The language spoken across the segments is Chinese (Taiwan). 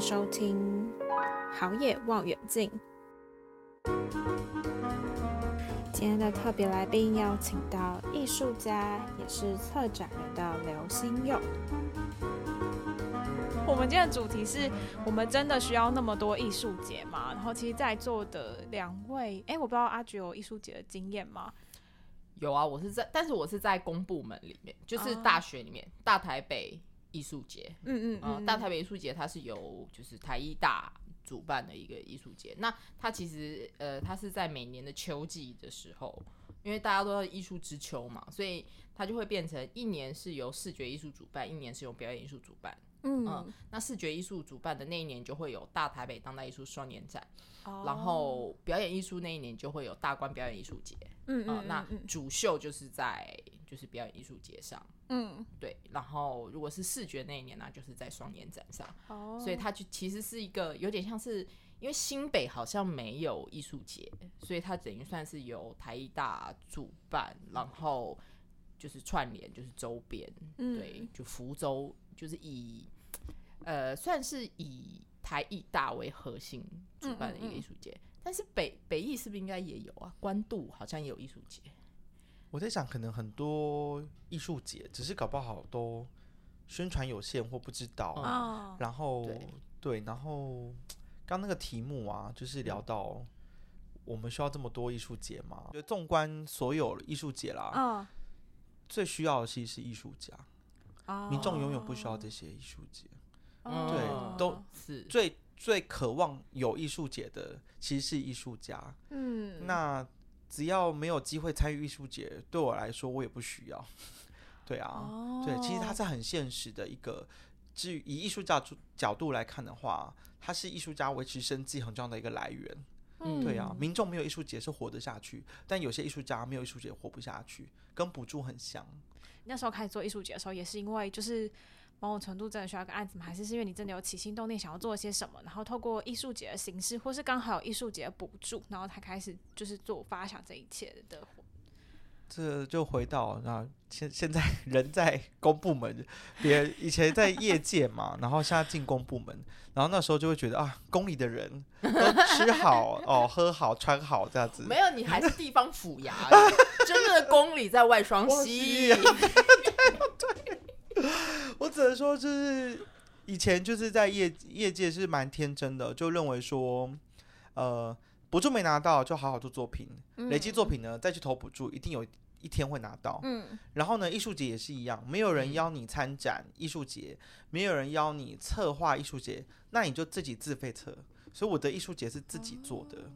收聽好野望遠鏡。今天的特別來賓邀請到藝術家，也是策展人的劉星佑。我們今天的主題是我們真的需要那麼多藝術節嗎？然後，其實，在座的兩位，哎、欸，我不知道阿橘有藝術節的經驗嗎？有啊，我是在，但是我是在公部門裡面，就是大學裡面，oh. 大台北。藝術節，嗯嗯，嗯，啊、呃，大台北藝術節，它是由就是台藝大主辦的一個藝術節。那它其實，呃，它是在每年的秋季的時候，因為大家都要藝術之秋嘛，所以它就會變成一年是由視覺藝術主辦，一年是由表演藝術主辦。嗯，嗯，那視覺藝術主辦的那一年就會有大台北當代藝術雙年展，哦、然後表演藝術那一年就會有大觀表演藝術節。嗯嗯，嗯、呃，那主秀就是在。就是表演藝術節上，嗯，對。然後如果是視覺那一年呢、啊，就是在雙年展上。哦，所以它就其實是一個有點像是，因為新北好像沒有藝術節，所以它等於算是由台藝大主辦，然後就是串聯，就是周邊、嗯，對，就福州就是以，呃，算是以台藝大為核心主辦的一個藝術節。但是北北藝是不是應該也有啊？關渡好像也有藝術節。我在想，可能很多藝術節只是搞不好都宣傳有限或不知道，哦、然後對，對，然後剛那個題目啊，就是聊到我們需要這麼多藝術節嗎？就、嗯、縱觀所有藝術節啦、哦，最需要的其實是藝術家，哦、民眾永遠不需要這些藝術節，對，嗯、都是最最渴望有藝術節的其實是藝術家，嗯，那。只要沒有機會參與藝術節，對我來說我也不需要。對啊，oh. 對，其實它是很現實的一個，至於以藝術家的角度來看的話，它是藝術家維持生計很重要的一個來源。嗯、mm.，對啊，民眾沒有藝術節是活得下去，但有些藝術家沒有藝術節活不下去，跟補助很像。那時候開始做藝術節的時候，也是因為就是。某種程度，真的需要個案子嗎？還是是因為你真的有起心動念，想要做一些什麼，然後透過藝術節的形式，或是剛好有藝術節的補助，然後才開始就是做發想這一切的。這就回到那現現在人在公部門，別人以前在業界嘛， 然後現在進公部門，然後那時候就會覺得啊，宮裡的人都吃好 哦，喝好，穿好這樣子， 沒有你還是地方府衙， 真的宮裡在外雙溪、啊。對。對 我只能說，就是以前就是在業業界是蠻天真的，就認為說，呃，補助沒拿到，就好好做作品，嗯、累積作品呢，再去投補助，一定有一天會拿到、嗯。然後呢，藝術節也是一樣，沒有人邀你參展藝術節，嗯、沒有人邀你策劃藝術節，那你就自己自費策。所以我的藝術節是自己做的，哦、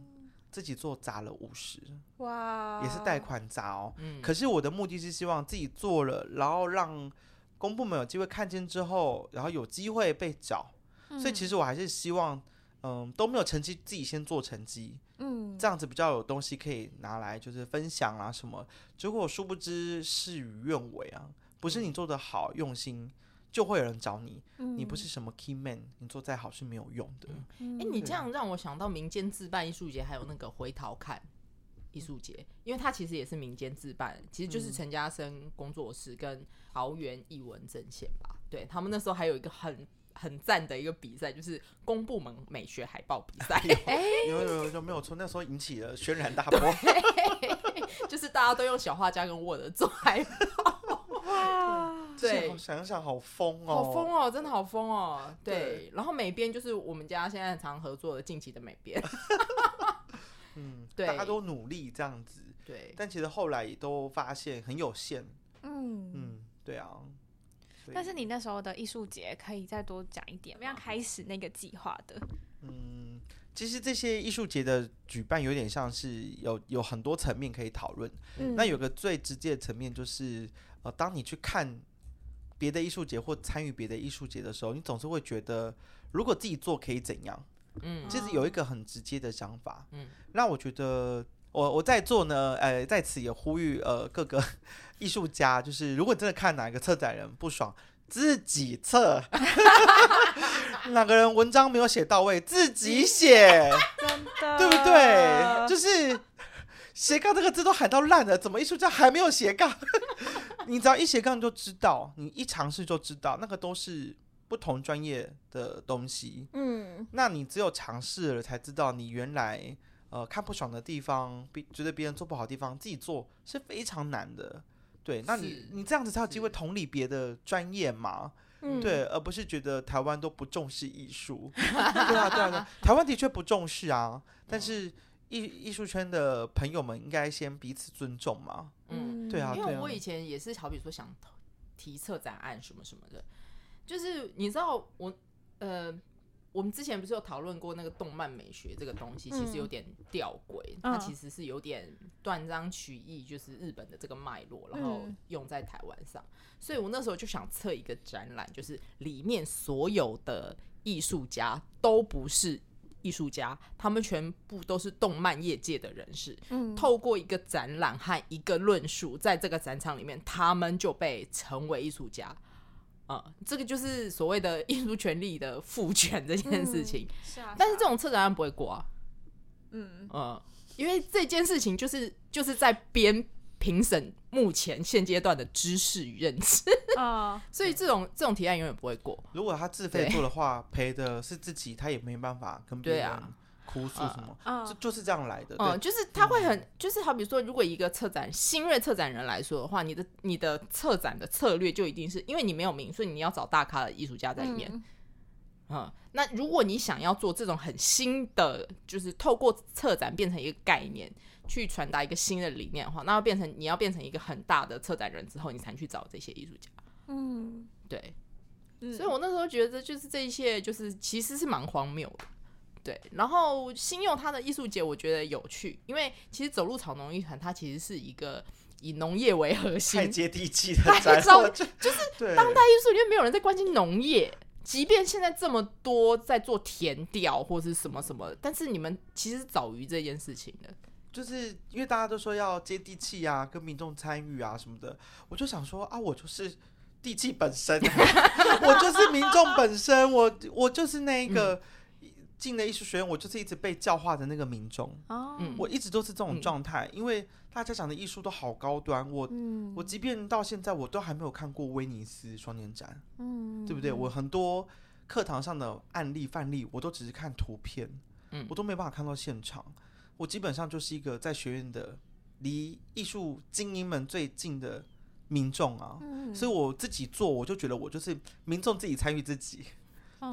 自己做砸了五十，哇，也是貸款砸哦、嗯。可是我的目的是希望自己做了，然後讓。公部門有機會看見之後，然後有機會被找、嗯，所以其實我還是希望，嗯、呃，都沒有成績，自己先做成績，嗯，這樣子比較有東西可以拿來就是分享啊什麼。結果殊不知事與願違啊，不是你做的好、嗯、用心，就會有人找你，嗯、你不是什麼 key man，你做再好是沒有用的。誒、嗯欸，你這樣讓我想到民間自辦藝術節，還有那個回頭看。藝術節，因為它其實也是民間自辦，其實就是陳家生工作室跟桃園藝文陣線吧。對他們那時候還有一個很很讚的一個比賽，就是公部門美學海報比賽、哎。有有有,有，沒有錯，那時候引起了軒然大波，就是大家都用小畫家跟 Word 做海報。 對，想一想好瘋哦、喔，好瘋哦、喔，真的好瘋哦、喔。對，然後美編就是我們家現在很常合作的近期的美編。 嗯對，大家都努力這樣子，對。但其實後來也都發現很有限。嗯嗯，對啊。但是你那時候的藝術節可以再多講一點，我們要開始那個計劃的？嗯，其實這些藝術節的舉辦有點像是有有很多層面可以討論，嗯。那有個最直接的層面就是，呃，當你去看別的藝術節或參與別的藝術節的時候，你總是會覺得，如果自己做可以怎樣？嗯，其實有一個很直接的想法。嗯，那我覺得我我在座呢，呃，在此也呼籲，呃，各個藝術家，就是如果你真的看哪一個策展人不爽，自己策 哪個人文章沒有寫到位，自己寫， 對不對？ 就是斜槓這個字都喊到爛了，怎麼藝術家還沒有斜槓？ 你只要一斜槓就知道，你一嘗試就知道，那個都是。不同專業的東西，嗯，那你只有嘗試了才知道，你原來呃看不爽的地方，別覺得別人做不好的地方，自己做是非常難的，對。那你你這樣子才有機會同理別的專業嘛，對、嗯，而不是覺得台灣都不重視藝術、嗯 啊，對啊對啊對， 台灣的確不重視啊，嗯，但是藝藝術圈的朋友們應該先彼此尊重嘛，嗯，對啊，對啊，因為我以前也是好比說想提策展案什麼什麼的。就是你知道我呃，我們之前不是有討論過那個動漫美學這個東西，其實有點弔詭、嗯，它其實是有點斷章取義，就是日本的這個脈絡、嗯，然後用在台灣上。所以我那時候就想策一個展覽，就是裡面所有的藝術家都不是藝術家，他們全部都是動漫業界的人士。嗯、透過一個展覽和一個論述，在這個展場裡面，他們就被稱為藝術家。啊、呃，這個就是所謂的藝術權利的賦權這件事情，嗯、但是這種策展案不會過啊，嗯嗯、呃，因為這件事情就是就是在編評審目前現階段的知識與認知啊，哦、 所以這種這種提案永遠不會過。如果他自費做的話，賠的是自己，他也沒辦法跟別人。對啊不是什麼、啊，就就是這樣來的。啊、嗯，就是他會很，就是好比說，如果一個策展新銳策展人來說的話，你的你的策展的策略就一定是因為你沒有名，所以你要找大咖的藝術家在裡面嗯。嗯，那如果你想要做這種很新的，就是透過策展變成一個概念，去傳達一個新的理念的話，那要變成你要變成一個很大的策展人之後，你才去找這些藝術家。嗯，對。所以我那時候覺得，就是這一切，就是其實是蠻荒謬的。對，然後星佑他的藝術節，我覺得有趣，因為其實走路草農藝團它其實是一個以農業為核心，太接地氣的。大家知道，就是當代藝術，因為沒有人在關心農業，即便現在這麼多在做田調或是什麼什麼，但是你們其實早於這件事情的，就是因為大家都說要接地氣啊，跟民眾參與啊什麼的，我就想說啊，我就是地氣本身， 我就是民眾本身，我我就是那一個。嗯進了藝術學院，我就是一直被教化的那個民眾、哦。我一直都是這種狀態、嗯，因為大家講的藝術都好高端。我，嗯、我即便到現在，我都還沒有看過威尼斯雙年展。嗯，對不對？我很多課堂上的案例範例，我都只是看圖片、嗯，我都沒辦法看到現場。我基本上就是一個在學院的離藝術精英們最近的民眾啊、嗯，所以我自己做，我就覺得我就是民眾自己參與自己。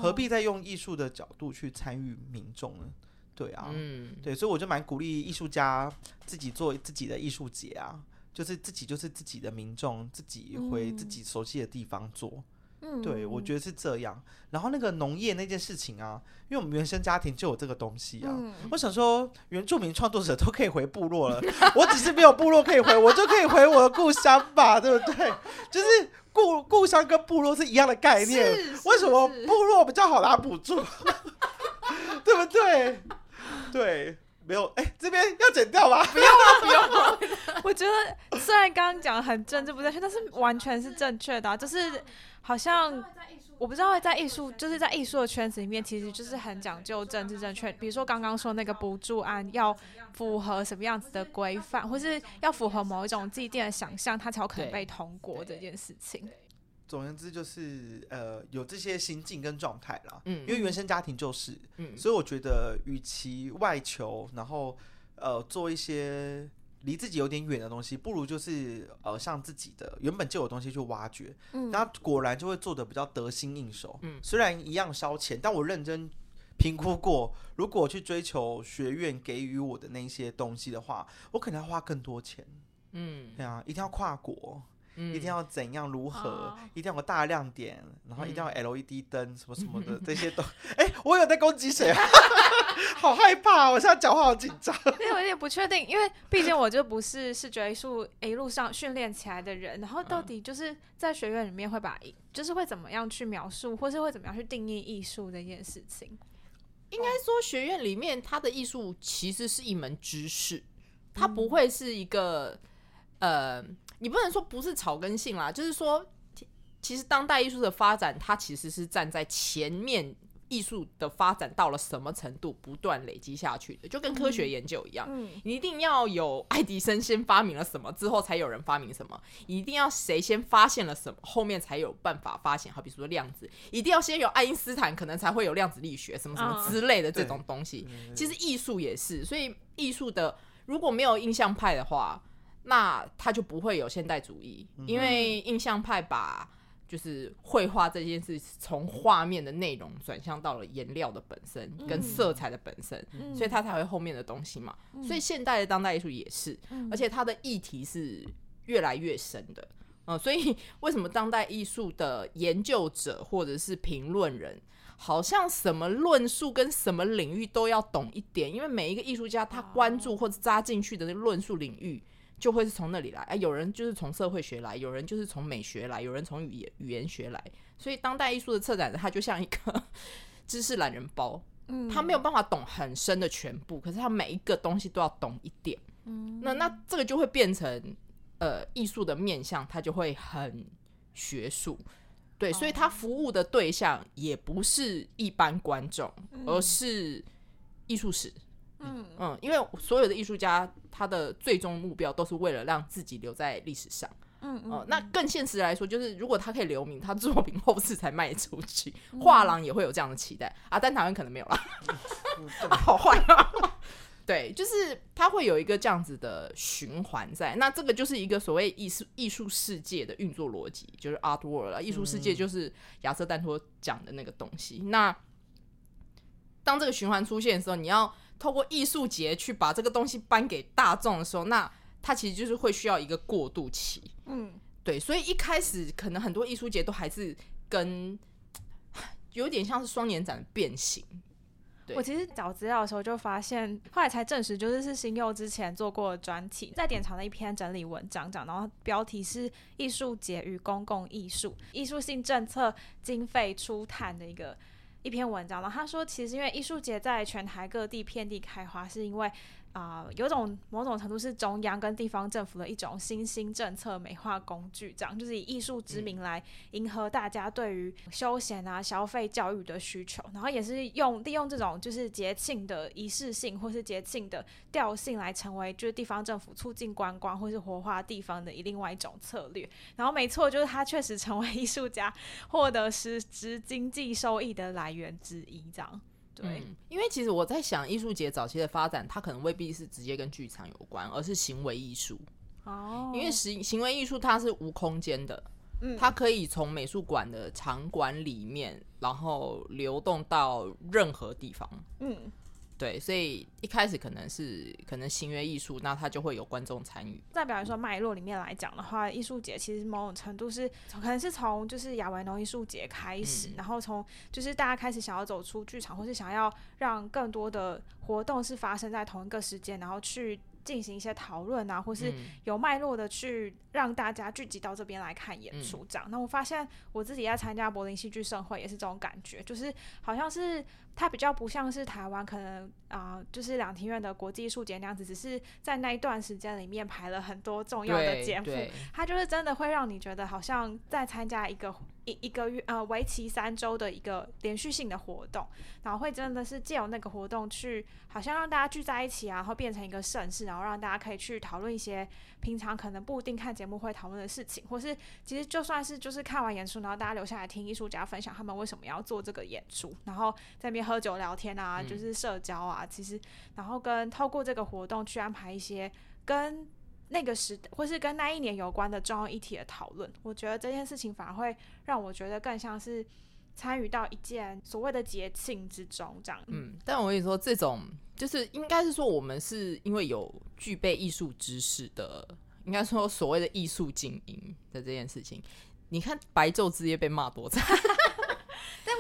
何必再用藝術的角度去參與民眾呢？對啊，嗯，對，所以我就蠻鼓勵藝術家自己做自己的藝術節啊，就是自己就是自己的民眾，自己回自己熟悉的地方做。嗯嗯、對，我覺得是這樣。然後那個農業那件事情啊，因為我們原生家庭就有這個東西啊。嗯、我想說，原住民創作者都可以回部落了， 我只是沒有部落可以回，我就可以回我的故鄉吧， 對不對？就是故故鄉跟部落是一樣的概念。是是是為什麼部落比較好拿補助？ 對不對？對，沒有。哎、欸，這邊要剪掉嗎？不用啊，不用、啊。 我覺得雖然剛剛講的很政治不正確，但是完全是正確的，啊。就是。好像我不知道會在藝術，就是在藝術的圈子裡面，其實就是很講究政治正確。比如說剛剛說那個補助案，要符合什麼樣子的規範，或是要符合某一種既定的想象，它才有可能被通過這件事情。總而言之，就是呃，有這些心境跟狀態啦。嗯，因為原生家庭就是，嗯，所以我覺得與其外求，然後呃做一些。離自己有點遠的東西，不如就是呃，像自己的原本就有東西去挖掘，嗯，那果然就會做的比較得心應手，嗯，雖然一樣燒錢，但我認真評估過，嗯，如果去追求學院給予我的那些東西的話，我可能要花更多錢，嗯，對啊，一定要跨國。一定要怎樣如何、嗯？一定要有大亮點，哦、然後一定要 LED 燈、嗯、什麼什麼的，嗯、這些都哎，我有在攻擊誰啊？ 好害怕！我現在講話好緊張。因為我有點不確定，因為畢竟我就不是視覺藝術一路上訓練起來的人。然後到底就是在學院裡面會把，嗯、就是會怎麼樣去描述，或是會怎麼樣去定義藝術這件事情？應該說，學院裡面它的藝術其實是一門知識，它、嗯、不會是一個呃。你不能說不是草根性啦，就是說，其實當代藝術的發展，它其實是站在前面藝術的發展到了什麼程度，不斷累積下去的，就跟科學研究一樣，你一定要有愛迪生先發明了什麼，之後才有人發明什麼，一定要誰先發現了什麼，後面才有辦法發現，好比如說量子，一定要先有愛因斯坦，可能才會有量子力學什麼什麼之類的這種東西。其實藝術也是，所以藝術的如果沒有印象派的話。那他就不會有現代主義，因為印象派把就是繪畫這件事從畫面的內容轉向到了顏料的本身跟色彩的本身，嗯，所以他才會後面的東西嘛。嗯，所以現代的當代藝術也是，而且它的議題是越來越深的。嗯，所以為什麼當代藝術的研究者或者是評論人，好像什麼論述跟什麼領域都要懂一點，因為每一個藝術家他關注或者扎進去的論述領域。就會是從那裡來，哎，有人就是從社會學來，有人就是從美學來，有人從語言語言學來，所以當代藝術的策展人他就像一個 知識懶人包，嗯，他沒有辦法懂很深的全部，可是他每一個東西都要懂一點，嗯，那那這個就會變成呃藝術的面向，他就會很學術，對，所以他服務的對象也不是一般觀眾，嗯，而是藝術史。嗯嗯，因為所有的藝術家，他的最終目標都是為了讓自己留在歷史上。嗯、呃、嗯，那更現實來說，就是如果他可以留名，他作品後世才賣出去，畫、嗯、廊也會有這樣的期待啊。但台灣可能沒有啦、嗯，好壞、啊。對，就是他會有一個這樣子的循環在。那這個就是一個所謂藝術藝術世界的運作邏輯，就是 Art World 啦。藝術世界就是亞瑟·丹托講的那個東西。嗯、那當這個循環出現的時候，你要。透過藝術節去把這個東西搬給大眾的時候，那它其實就是會需要一個過渡期。嗯，對，所以一開始可能很多藝術節都還是跟有點像是雙年展的變形，對。我其實找資料的時候就發現，後來才證實，就是是星佑之前做過的專題，在典藏的一篇整理文章講，然後標題是《藝術節與公共藝術：藝術性政策經費初探的一個》。一篇文章，然後他說其實因為藝術節在全台各地遍地開花，是因為，啊、呃，有種某種程度是中央跟地方政府的一種新興政策美化工具，這樣，就是以藝術之名來迎合大家對於休閒啊、嗯、消費、教育的需求，然後也是用利用這種就是節慶的儀式性或是節慶的調性來成為就是地方政府促進觀光或是活化地方的一另外一種策略。然後沒錯，就是它確實成為藝術家獲得實質經濟收益的來源之一，這樣。對。嗯，因為其實我在想，藝術節早期的發展，它可能未必是直接跟劇場有關，而是行為藝術。Oh. 因為行,行為藝術它是無空間的，嗯，它可以從美術館的場館裡面，然後流動到任何地方，嗯。對，所以一開始可能是可能行為藝術，那它就會有觀眾參與。在比如說脈絡裡面來講的話，藝術節其實某種程度，是可能是從就是亞維儂藝術節開始，嗯、然後從就是大家開始想要走出劇場，或是想要讓更多的活動是發生在同一個時間，然後去，進行一些討論啊，或是有脈絡的去讓大家聚集到這邊來看演出這樣。那我發現我自己在參加柏林戲劇盛會也是這種感覺，就是好像是它比較不像是台灣可能啊、呃，就是兩廳院的國際藝術節那樣子，只是在那一段時間裡面排了很多重要的節目，它就是真的會讓你覺得好像在參加一個。一個月呃，為期三周的一個連續性的活動，然後會真的是借由那個活動去，好像讓大家聚在一起啊，然後變成一個盛事，然後讓大家可以去討論一些平常可能不一定看節目會討論的事情，或是其實就算是就是看完演出，然後大家留下來聽藝術家分享他們為什麼要做這個演出，然後在那邊喝酒聊天啊，就是社交啊，嗯，其實然後跟透過這個活動去安排一些跟。那個時，或是跟那一年有關的重要議題的討論，我覺得這件事情反而會讓我覺得更像是參與到一件所謂的節慶之中這樣。嗯，但我跟你說，這種就是應該是說，我們是因為有具備藝術知識的，應該說所謂的藝術精英的這件事情，你看白晝之夜被罵多慘。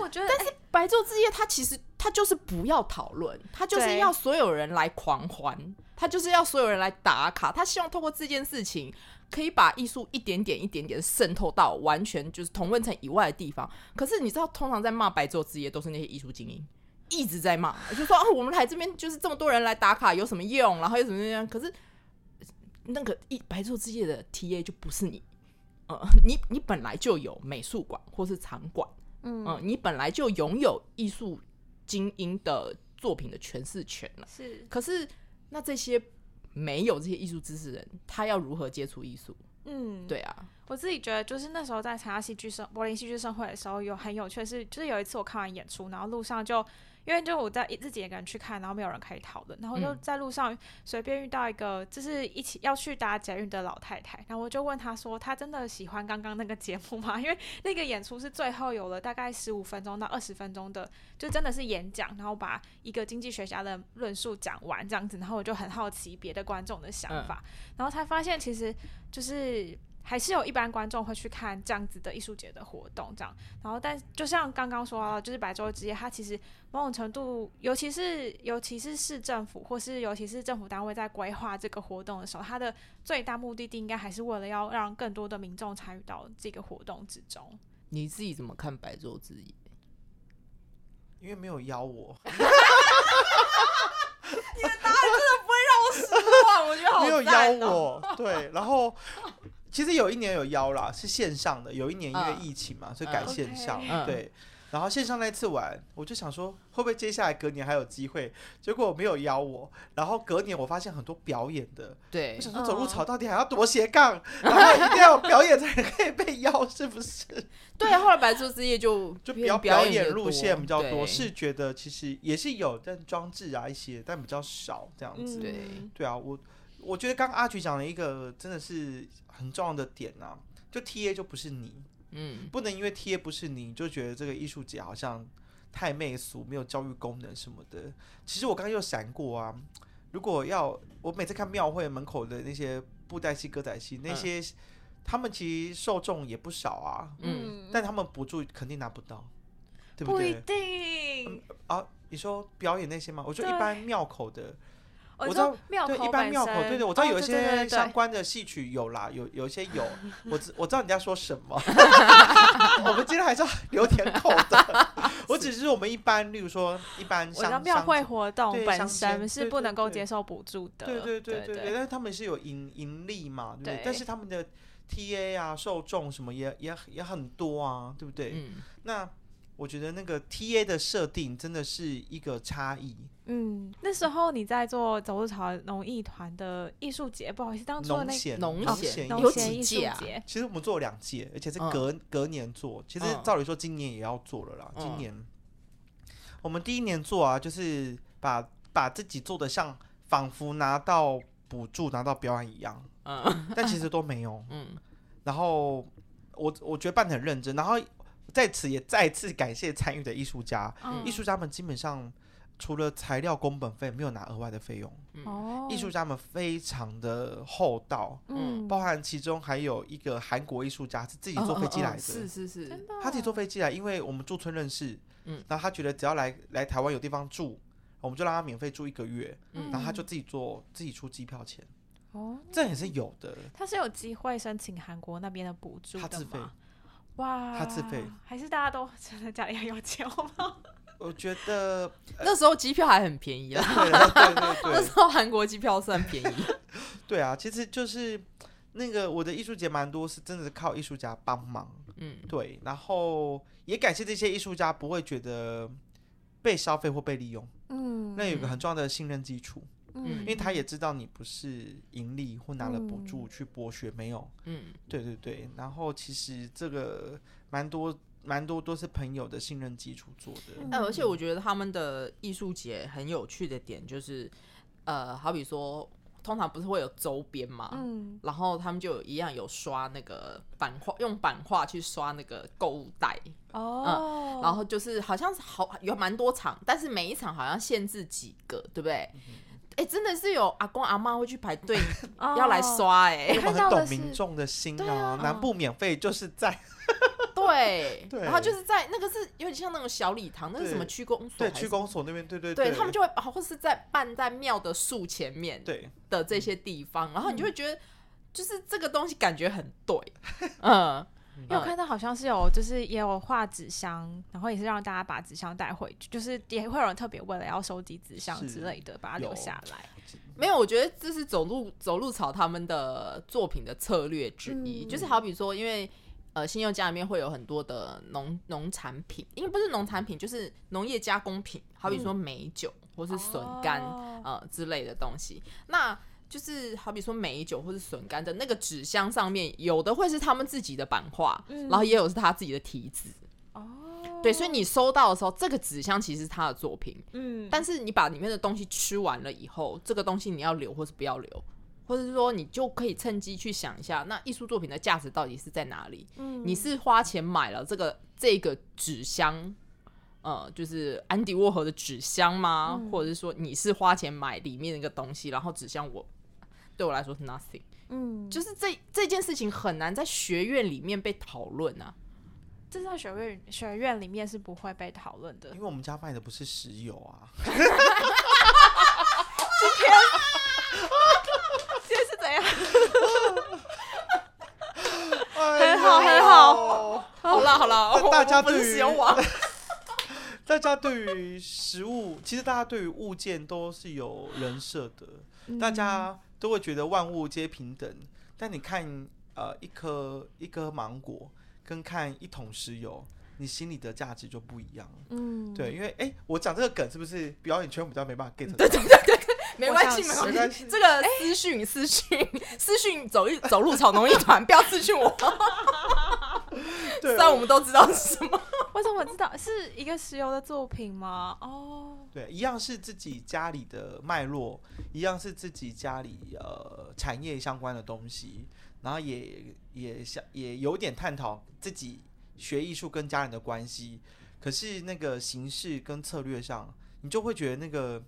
我覺得，但是白晝之夜，他其實他就是不要討論，他就是要所有人來狂歡，他就是要所有人來打卡，他希望通過這件事情可以把藝術一點點、一點點滲透到完全就是同溫層以外的地方。可是你知道，通常在罵白晝之夜都是那些藝術精英一直在罵，就說啊、哦，我們來這邊就是這麼多人來打卡有什麼用，然後又怎麼樣。可是那個一白晝之夜的 TA 就不是你，呃，你你本來就有美術館或是場館。嗯，嗯，你本來就擁有藝術精英的作品的詮釋權了。是，可是那這些沒有這些藝術知識的人，他要如何接觸藝術？嗯，對啊，我自己覺得就是那時候在參加戲劇生柏林戲劇盛會的時候，有很有趣的是，就是有一次我看完演出，然後路上就。因為就我在自己一個人去看，然後沒有人可以討論，然後就在路上隨便遇到一個，就、嗯、是一起要去搭捷運的老太太，然後我就問她說：“她真的喜歡剛剛那個節目嗎？”因為那個演出是最後有了大概十五分鐘到二十分鐘的，就真的是演講，然後把一個經濟學家的論述講完這樣子，然後我就很好奇別的觀眾的想法、嗯，然後才發現其實就是。還是有一般觀眾會去看這樣子的藝術節的活動，這樣。然後，但就像剛剛說到就是白晝之夜，它其實某種程度，尤其是尤其是市政府或是尤其是政府單位在規劃這個活動的時候，它的最大目的地應該還是為了要讓更多的民眾參與到這個活動之中。你自己怎麼看白晝之夜？因為沒有邀我。 你的答案，真的不會讓我失望， 我覺得好、喔、沒有邀我，對，然後。 其實有一年有邀啦，是線上的。有一年因為疫情嘛，嗯、所以改線上、嗯 okay, 嗯。對，然後線上那一次玩，我就想說會不會接下來隔年還有機會？結果沒有邀我。然後隔年我發現很多表演的，對，我想說走路草到底還要多斜槓、嗯，然後一定要表演才可以被邀 是不是？對，後來白晝之夜就就，就比較表演路線比較多，是覺得其實也是有，但裝置啊一些，但比較少這樣子。對，對啊，我。我覺得剛剛阿橘講了一個真的是很重要的點吶、啊，就 TA 就不是你，嗯，不能因為 TA 不是你就覺得這個藝術家好像太媚俗，沒有教育功能什麼的。其實我剛剛又閃過啊，如果要我每次看廟會門口的那些布袋戲、歌仔戲，那些、嗯、他們其實受眾也不少啊，嗯，但他們補助肯定拿不到、嗯，對不對？不一定、嗯、啊，你說表演那些嗎？我覺得一般廟口的。我，口我知道，對，一般廟口，對對，我知道有一些相關的戲曲有啦，哦、對對對對有有一些有，我我知道你在說什麼。 我們今天還是要留點口的， 我只是我們一般，例如說一般相，像的廟會活動本身對相是不能夠接受補助的。對對對對對，對對對對對對對，但是他們是有盈盈利嘛對不對？對。但是他們的 TA 啊，受眾什麼也也也很多啊，對不對？嗯、那。我覺得那個 T A 的設定真的是一個差異。嗯，那時候你在做走路草農藝團的藝術節，不好意思，當做那個農藝團有幾屆啊？其實我們做了兩屆，而且是隔、嗯、隔年做。其實照理說今年也要做了啦。嗯、今年、嗯、我們第一年做啊，就是把把自己做的像仿佛拿到補助拿到表演一樣，嗯，但其實都沒有，嗯。然後我我覺得辦得很認真，然後。在此也再次感謝參與的藝術家，藝、嗯、術家們基本上除了材料工本費，沒有拿額外的費用。哦、嗯，藝術家們非常的厚道，嗯，包含其中還有一個韓國藝術家是自己坐飛機來的。哦哦哦，是是是，他自己坐飛機來，因為我們駐村認識、嗯，然後他覺得只要來來台灣有地方住，我們就讓他免費住一個月、嗯，然後他就自己坐自己出機票錢，哦、嗯，這也是有的。他是有機會申請韓國那邊的補助的嗎？他是非哇，他自費還是大家都真的家裡還有錢嗎？ 我覺得、呃、那時候機票還很便宜啦、啊， 對啊、對對對對 那時候韓國機票算便宜。 對啊，其實就是那個我的藝術節蠻多是真的靠藝術家幫忙，嗯，對，然後也感謝這些藝術家不會覺得被消費或被利用，嗯，那有個很重要的信任基礎。嗯、因為他也知道你不是盈利或拿了補助去剝削、嗯，沒有。嗯，對對對。然後其實這個蠻多蠻多都是朋友的信任基礎做的。那、嗯、而且我覺得他們的藝術節很有趣的點就是，呃，好比說通常不是會有周邊嘛，嗯，然後他們就一樣有刷那個版畫，用版畫去刷那個購物袋哦、嗯。然後就是好像是好有蠻多場，但是每一場好像限制幾個，對不對？嗯哎、欸，真的是有阿公阿媽會去排隊要來刷哎、欸，他、哦欸欸、很懂民眾的心啊，啊。南部免費就是在、哦， 對，然後就是在那個是有點像那種小禮堂，那是什麼區公所？對，區公所那邊，對對對,對，他們就會或是在辦在廟的樹前面的這些地方，然後你就會覺得就是這個東西感覺很對，嗯。嗯嗯因為我看到好像是有，就是也有畫紙箱、嗯，然後也是讓大家把紙箱帶回去，就是也會有人特別為了要收集紙箱之類的把它留下來。沒有，我覺得這是走路走路草他們的作品的策略之一，嗯、就是好比說，因為呃新友家裡面會有很多的農農產品，因為不是農產品，就是農業加工品，好比說美酒或是筍乾、嗯、呃之類的東西，那。就是好比說美酒或者筍乾的那個紙箱上面，有的會是他們自己的版畫，嗯，然後也有是他自己的題字。哦，對，所以你收到的時候，這個紙箱其實是他的作品。嗯，但是你把裡面的東西吃完了以後，這個東西你要留或是不要留，或者是說你就可以趁機去想一下，那藝術作品的價值到底是在哪裡？嗯，你是花錢買了這個這個紙箱，呃，就是安迪沃荷的紙箱嗎？嗯。或者是說你是花錢買裡面的一個東西，然後紙箱我。對我來說是 nothing，嗯，就是這這件事情很難在學院裡面被討論啊，這是在學院學院裡面是不會被討論的，因為我們家賣的不是石油啊。 今天， 今天是怎樣？ 很好很好，好了好了，大家對於石油 大家對於食物，其實大家對於物件都是有人設的、嗯，大家。都會覺得萬物皆平等，但你看呃一顆一顆芒果跟看一桶石油，你心裡的價值就不一樣。嗯，對，因為哎、欸，我講這個梗是不是表演圈比較沒辦法 get 到？對，對對對，沒關係沒關係，這個資訊私訊、欸、私訊私訊走一走路草農藝團， 不要私訊我。雖 然、 哦、我們都知道是什麼， 為什麼我知道是一個石油的作品嗎？哦、oh.。對，一樣是自己家裡的脈絡，一樣是自己家裡呃產業相關的東西，然後也也想也有點探討自己學藝術跟家人的關係，可是那個形式跟策略上，你就會覺得那個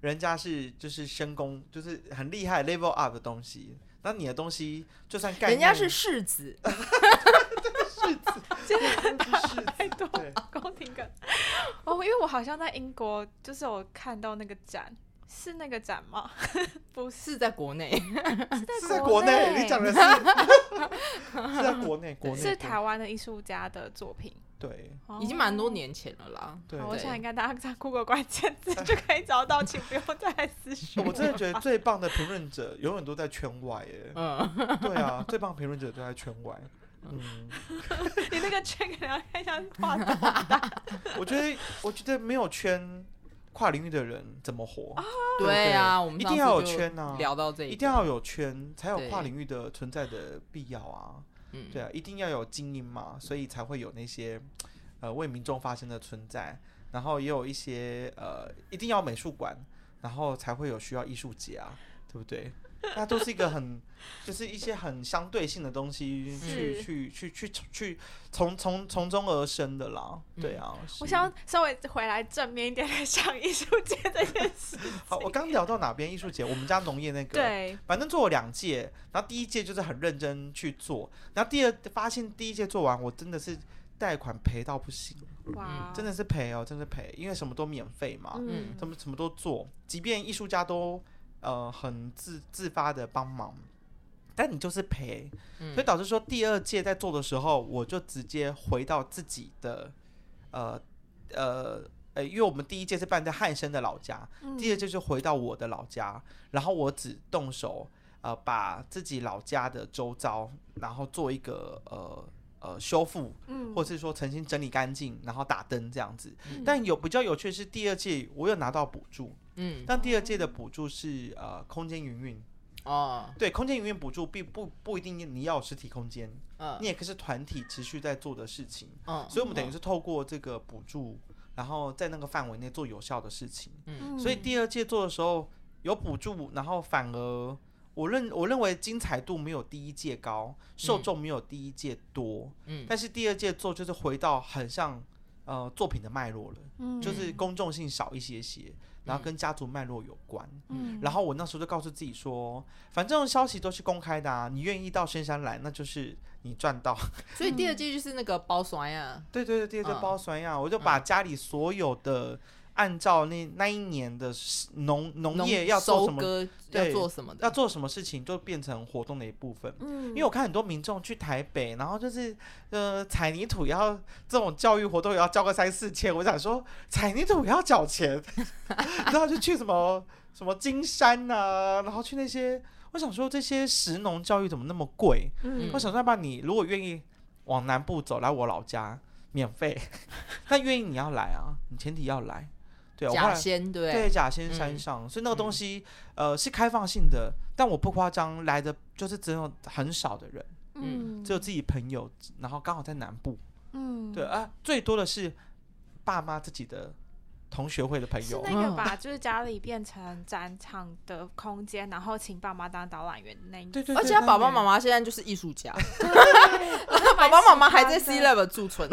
人家是就是神功，就是很厲害 level up 的東西，那你的東西就算干，人家是世子。 真是太多公平感哦！因為我好像在英國，就是我看到那個展，是那個展嗎？不是在國內，是在國內，你講的是？是在國內， 國內是台灣的藝術家的作品，對，已經蠻多年前了啦。哦、對，我想在應該大家在 Google 關鍵字就可以找到， 請不用再來諮詢。我真的覺得最棒的評論者永遠都在圈外，耶！ 對啊， 最棒評論者都在圈外。嗯， 你那個圈，可能要跨大。我覺得，我覺得沒有圈，跨領域的人怎麼活？啊對，對，對，對啊，我們一,一定要有圈啊！一定要有圈，才有跨領域的存在的必要啊對。對啊，一定要有精英嘛，所以才會有那些呃為民眾發聲的存在，然後也有一些呃一定要美術館，然後才會有需要藝術節，啊，對不對？那 都是一個很，就是一些很相對性的東西，去去去去去從從從中而生的啦，嗯、對啊。我想稍微回來正面一點來想藝術節這件事。 好，我剛聊到哪邊？藝術節？我們家農業那個？對。反正做了兩屆，然後第一屆就是很認真去做，然後第二發現第一屆做完，我真的是貸款賠到不行，哇，真的是賠哦、喔，真的賠，因為什麼都免費嘛，嗯，怎麼什麼都做，即便藝術家都。呃，很自自發的幫忙，但你就是賠、嗯，所以導致說第二屆在做的時候，我就直接回到自己的，呃呃呃，因為我們第一屆是辦在漢聲的老家，嗯、第二屆就回到我的老家，然後我只動手，呃，把自己老家的周遭，然後做一個呃呃修復、嗯，或者是說重新整理乾淨，然後打燈這樣子、嗯。但有比較有趣的是第二屆，我有拿到補助。嗯，但第二屆的補助是、嗯、呃空間營運，哦，對，空間營運補助並不不一定你要有實體空間，嗯、哦、你也可以是團體持續在做的事情，嗯、哦，所以我們等於是透過這個補助、哦，然後在那個範圍內做有效的事情，嗯，所以第二屆做的時候有補助，然後反而我認我認為精彩度沒有第一屆高，受眾沒有第一屆多，嗯，但是第二屆做就是回到很像。呃，作品的脈絡了、嗯，就是公眾性少一些些，然後跟家族脈絡有關、嗯。然後我那時候就告訴自己說，嗯、反正這種消息都是公開的啊，你願意到深山來，那就是你賺到。所以第二季就是那個包衰啊、 嗯，對對對，第二季包衰啊、嗯，我就把家裡所有的。按照那那一年的農農業要做什麼，對要做什麼要做什麼事情，就變成活動的一部分。嗯、因為我看很多民眾去台北，然後就是呃踩泥土也要，然後這種教育活動也要交個三四千。我想說，踩泥土也要繳錢， 然後就去什麼 什麼金山吶、啊，然後去那些，我想說這些食農教育怎麼那麼貴、嗯？我想說要不然，你如果願意往南部走來我老家，免費。 但願意你要來啊，你前提要來。甲仙對對甲仙山，山上、嗯，所以那個東西、嗯、呃是開放性的，嗯、但我不誇張，來的就是只有很少的人，嗯，只有自己朋友，然後剛好在南部，嗯，對啊、呃，最多的是爸媽自己的同學會的朋友，是那個吧？啊、就是家裡變成展場的空間，然後請爸媽當導覽員那一對，對，對，對，而且他爸爸媽媽現在就是藝術家，爸爸媽媽還在 C-Lab 駐村。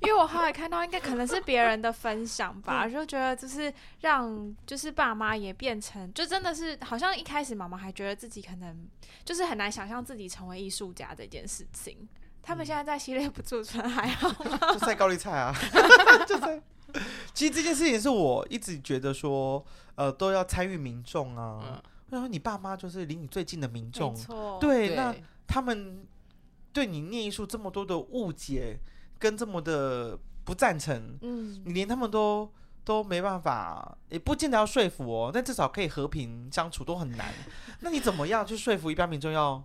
因為我後來看到，應該可能是別人的分享吧、 嗯，就覺得就是讓就是爸媽也變成，就真的是好像一開始媽媽還覺得自己可能就是很難想象自己成為藝術家這件事情。嗯、他們現在在系列，不出傳還好嗎， 就賽高麗菜啊， 其實這件事情是我一直覺得說，呃，都要參與民眾啊。然、嗯、後、就是、你爸媽就是離你最近的民眾，對，那他們對你念藝術這麼多的誤解。跟這麼的不贊成，嗯，你連他們都都沒辦法，也不見得要說服哦，但至少可以和平相處都很難。 那你怎麼樣去說服一般民眾要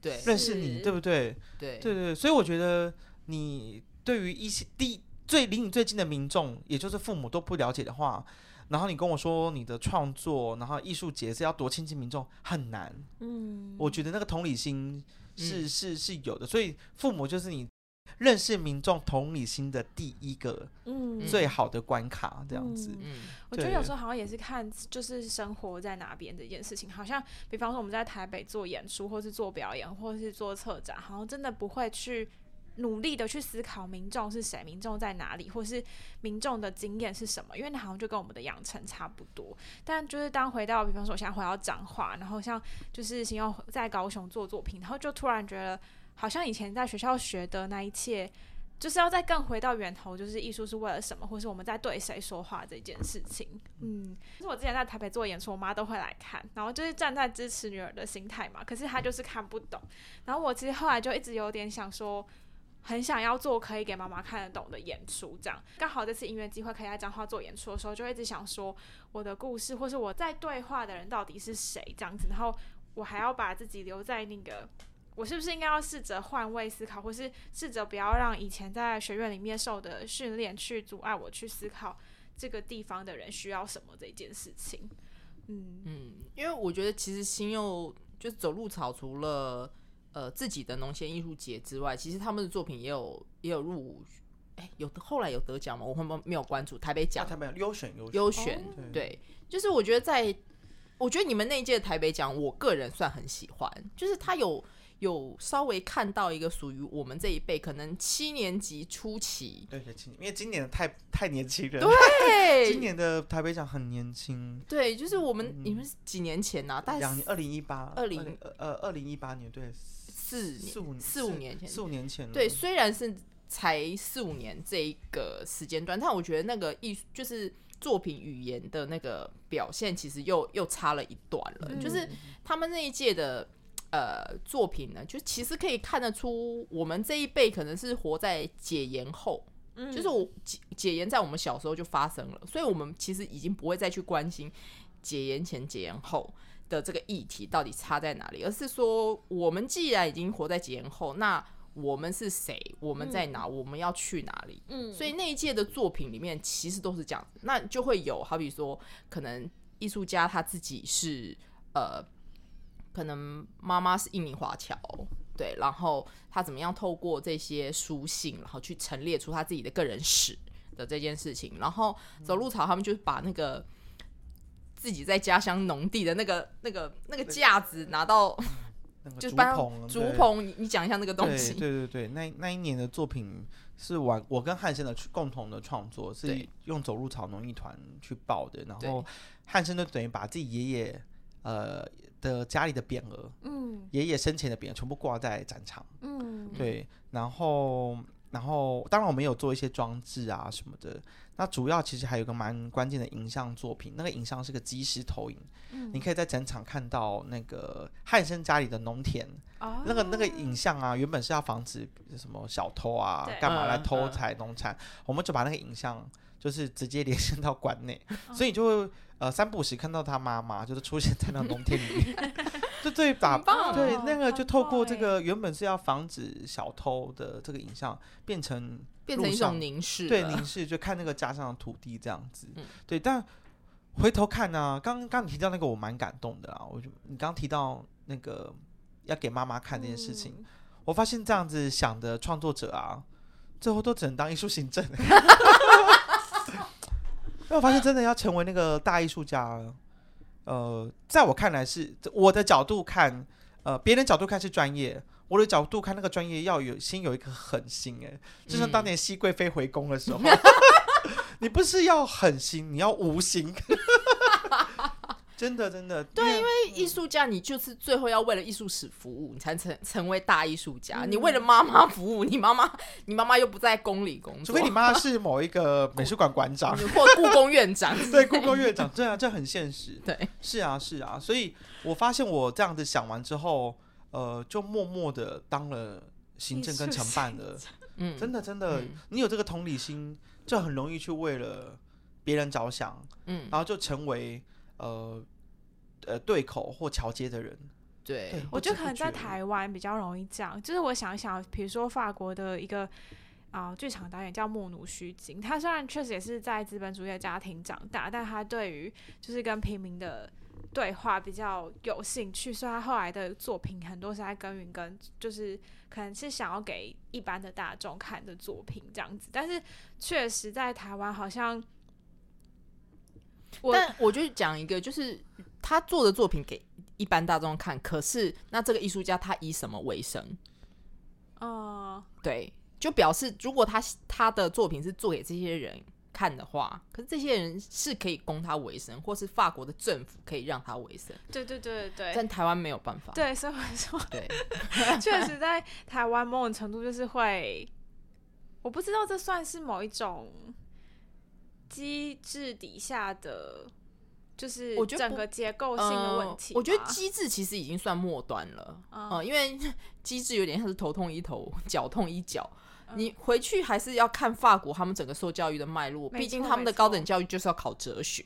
對認識你，對不對？對對對，所以我覺得你對於一些第最離你最近的民眾，也就是父母都不了解的話，然後你跟我說你的創作，然後藝術節是要多親近民眾很難。嗯，我覺得那個同理心是是是是有的。嗯，所以父母就是你，認識民眾同理心的第一個，嗯，最好的關卡，這樣子，嗯。我覺得有時候好像也是看，就是生活在哪邊這件事情，好像比方說我們在台北做演出，或是做表演，或是做策展，好像真的不會去努力的去思考民眾是誰，民眾在哪裡，或是民眾的經驗是什麼，因為那好像就跟我們的養成差不多。但就是當回到，比方說我現在回到彰化，然後像就是想要在高雄做作品，然後就突然覺得。好像以前在學校學的那一切，就是要再更回到源頭，就是藝術是為了什麼，或是我們在對誰說話這件事情。嗯，其實我之前在台北做演出，我媽都會來看，然後就是站在支持女兒的心態嘛。可是她就是看不懂。然後我其實後來就一直有點想說，很想要做可以給媽媽看得懂的演出這樣。剛好這次音樂機會可以在彰化做演出的時候，就一直想說我的故事，或是我在對話的人到底是誰這樣子。然後我還要把自己留在那個。我是不是應該要試着換位思考，或是試着不要讓以前在學院裡面受的訓練去阻礙我去思考這個地方的人需要什麼這件事情？嗯嗯，因為我覺得其實星佑就是走路草除了呃自己的農閒藝術節之外，其實他們的作品也有也有入誒、欸，有後來有得獎嗎？我好像沒有關注台北獎，們、啊、有優選優選、哦、對，就是我覺得在我覺得你們那一屆台北獎，我個人算很喜歡，就是他有。有稍微看到一個屬於我們這一輩，可能七年級初期。對，對，對，因為今年的太太年輕人了。對。 今年的台北獎很年輕。對，就是我們、嗯、你們幾年前啊，但是二零一八。二零呃，二零一八年對。四四五四五年前。四五年前。對，雖然是才四五年這個時間段、嗯，但我覺得那個藝術就是作品語言的那個表現，其實又又差了一段了。嗯、就是他們那一屆的。呃，作品呢，就其實可以看得出，我們這一輩可能是活在解嚴後，嗯，就是我解解嚴在我們小時候就發生了，所以我們其實已經不會再去關心解嚴前、解嚴後的這個議題到底差在哪裡，而是說，我們既然已經活在解嚴後，那我們是誰？我們在哪？嗯，我們要去哪裡？嗯，所以那一屆的作品裡面其實都是這樣子，那就會有好比說，可能藝術家他自己是呃。可能媽媽是印尼華僑，對，然後他怎麼樣透過這些書信，然後去陳列出他自己的個人史的這件事情，然後走路草他們就是把那個自己在家鄉農地的那個、那個、那個架子拿到， 就搬竹棚，竹棚，你講一下那個東西。對對對，那那一年的作品是我，我跟漢聲的共同的創作，是用走路草農藝團去報的，然後漢聲就等於把自己爺爺，呃。的家裡的匾額，嗯，爺爺生前的匾額全部掛在展場，嗯，對，然後，然後，當然我們有做一些裝置啊什麼的，那主要其實還有個蠻關鍵的影像作品，那個影像是個即時投影、嗯，你可以在展場看到那個漢聲家裡的農田、哦，那個那個影像啊，原本是要防止什麼小偷啊，幹嘛來偷採農產、嗯嗯，我們就把那個影像就是直接連線到館內、哦，所以就會。呃、三步時看到他媽媽，就是出現在那農田裡面， 就對把，把、 哦、對那個就透過這個原本是要防止小偷的這個影像，變成變成一種凝視，對凝視就看那個家鄉的土地這樣子，嗯、對。但回頭看呢、啊，剛剛你提到那個我蠻感動的，我就你剛提到那個要給媽媽看這件事情、嗯，我發現這樣子想的創作者啊，最後都只能當藝術行政、欸。 那我發現，真的要成為那個大藝術家了，呃，在我看來是我的角度看，呃，別人角度看是專業，我的角度看那個專業要有心，有一顆狠心，哎，就像當年熹貴妃回宮的時候，嗯、 你不是要狠心，你要無心。 真的，真的，對，嗯，因為藝術家，你就是最後要為了藝術史服務，你才成成為大藝術家。嗯。你為了媽媽服務，你媽媽，你媽媽又不在宮裡工作，除非你媽是某一個美術館館長 或故宮院長。 對，故宮院， 院長，對啊，這很現實。對，是啊，是啊。所以我發現，我這樣子想完之後，呃，就默默的當了行政跟承辦的真的，真的。嗯，真的，真的，你有這個同理心，就很容易去為了別人着想。嗯，然後就成為。呃呃，對口或橋接的人，對，對。不知不覺我就可能在台灣比較容易這樣。就是我想一想，比如說法國的一個啊、呃，劇場導演叫莫努虛金，他雖然確實也是在資本主義的家庭長大，但他對於就是跟平民的對話比較有興趣，所以他後來的作品很多是在耕耘，跟就是可能是想要給一般的大眾看的作品這樣子。但是確實在台灣好像。我但我就講一個，就是他做的作品給一般大眾看，可是那這個藝術家他以什麼為生？哦、uh...，對，就表示如果他他的作品是做給這些人看的話，可是這些人是可以供他為生，或是法國的政府可以讓他為生。對對對對對，但台灣沒有辦法。對，所以說，對，確 實，在台灣某種程度就是會，我不知道這算是某一種。機制底下的就是，整個結構性的問題。我覺得機、呃、制其實已經算末端了，嗯呃，因為機制有點像是頭痛醫頭，腳痛醫腳，嗯。你回去還是要看法國他們整個受教育的脈絡，畢竟他們的高等教育就是要考哲學，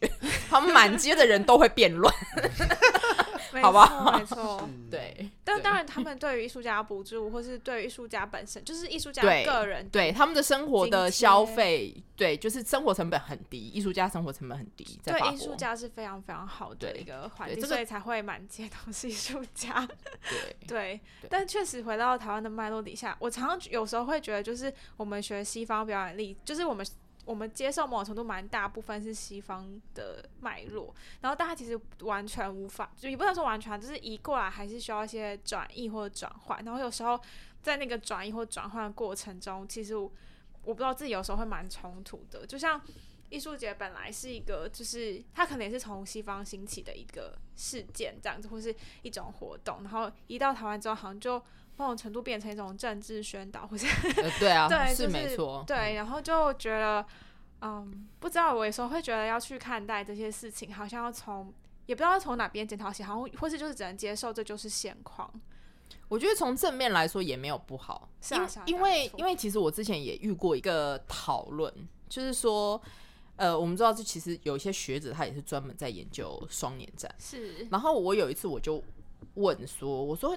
他們滿街的人都會辯論 沒錯，沒錯、嗯。對，但當然，他們對於藝術家補助，或是對藝術家本身，就是藝術家個人，對，對他們的生活的消費，對，就是生活成本很低，藝術家生活成本很低，對在對藝術家是非常非常好的一個環境，所以才會滿街都是藝術家。對， 對，對，但確實回到台灣的脈絡底下，我常常有時候會覺得，就是我們學西方表演力，就是我們。我們接受某程度蠻大部分是西方的脈絡，然後但其實完全無法，就也不能說完全，就是移過來還是需要一些轉譯或者轉換。然後有時候在那個轉譯或轉換的過程中，其實我不知道自己有時候會蠻衝突的。就像藝術節本來是一個，就是它可能也是從西方興起的一個事件這樣子，或是一種活動，然後移到台灣之後好像就。某種程度變成一種政治宣導，或是、呃、對啊， 對、就是、是沒錯，對，然後就覺得，嗯，嗯不知道我有時候會覺得要去看待這些事情，好像要從也不知道從哪邊檢討起，好像或是就是只能接受這就是現況。我覺得從正面來說也沒有不好，是啊，是啊因為因為其實我之前也遇過一個討論，就是說，呃，我們知道這其實有一些學者他也是專門在研究雙年展，是。然後我有一次我就問說，我說。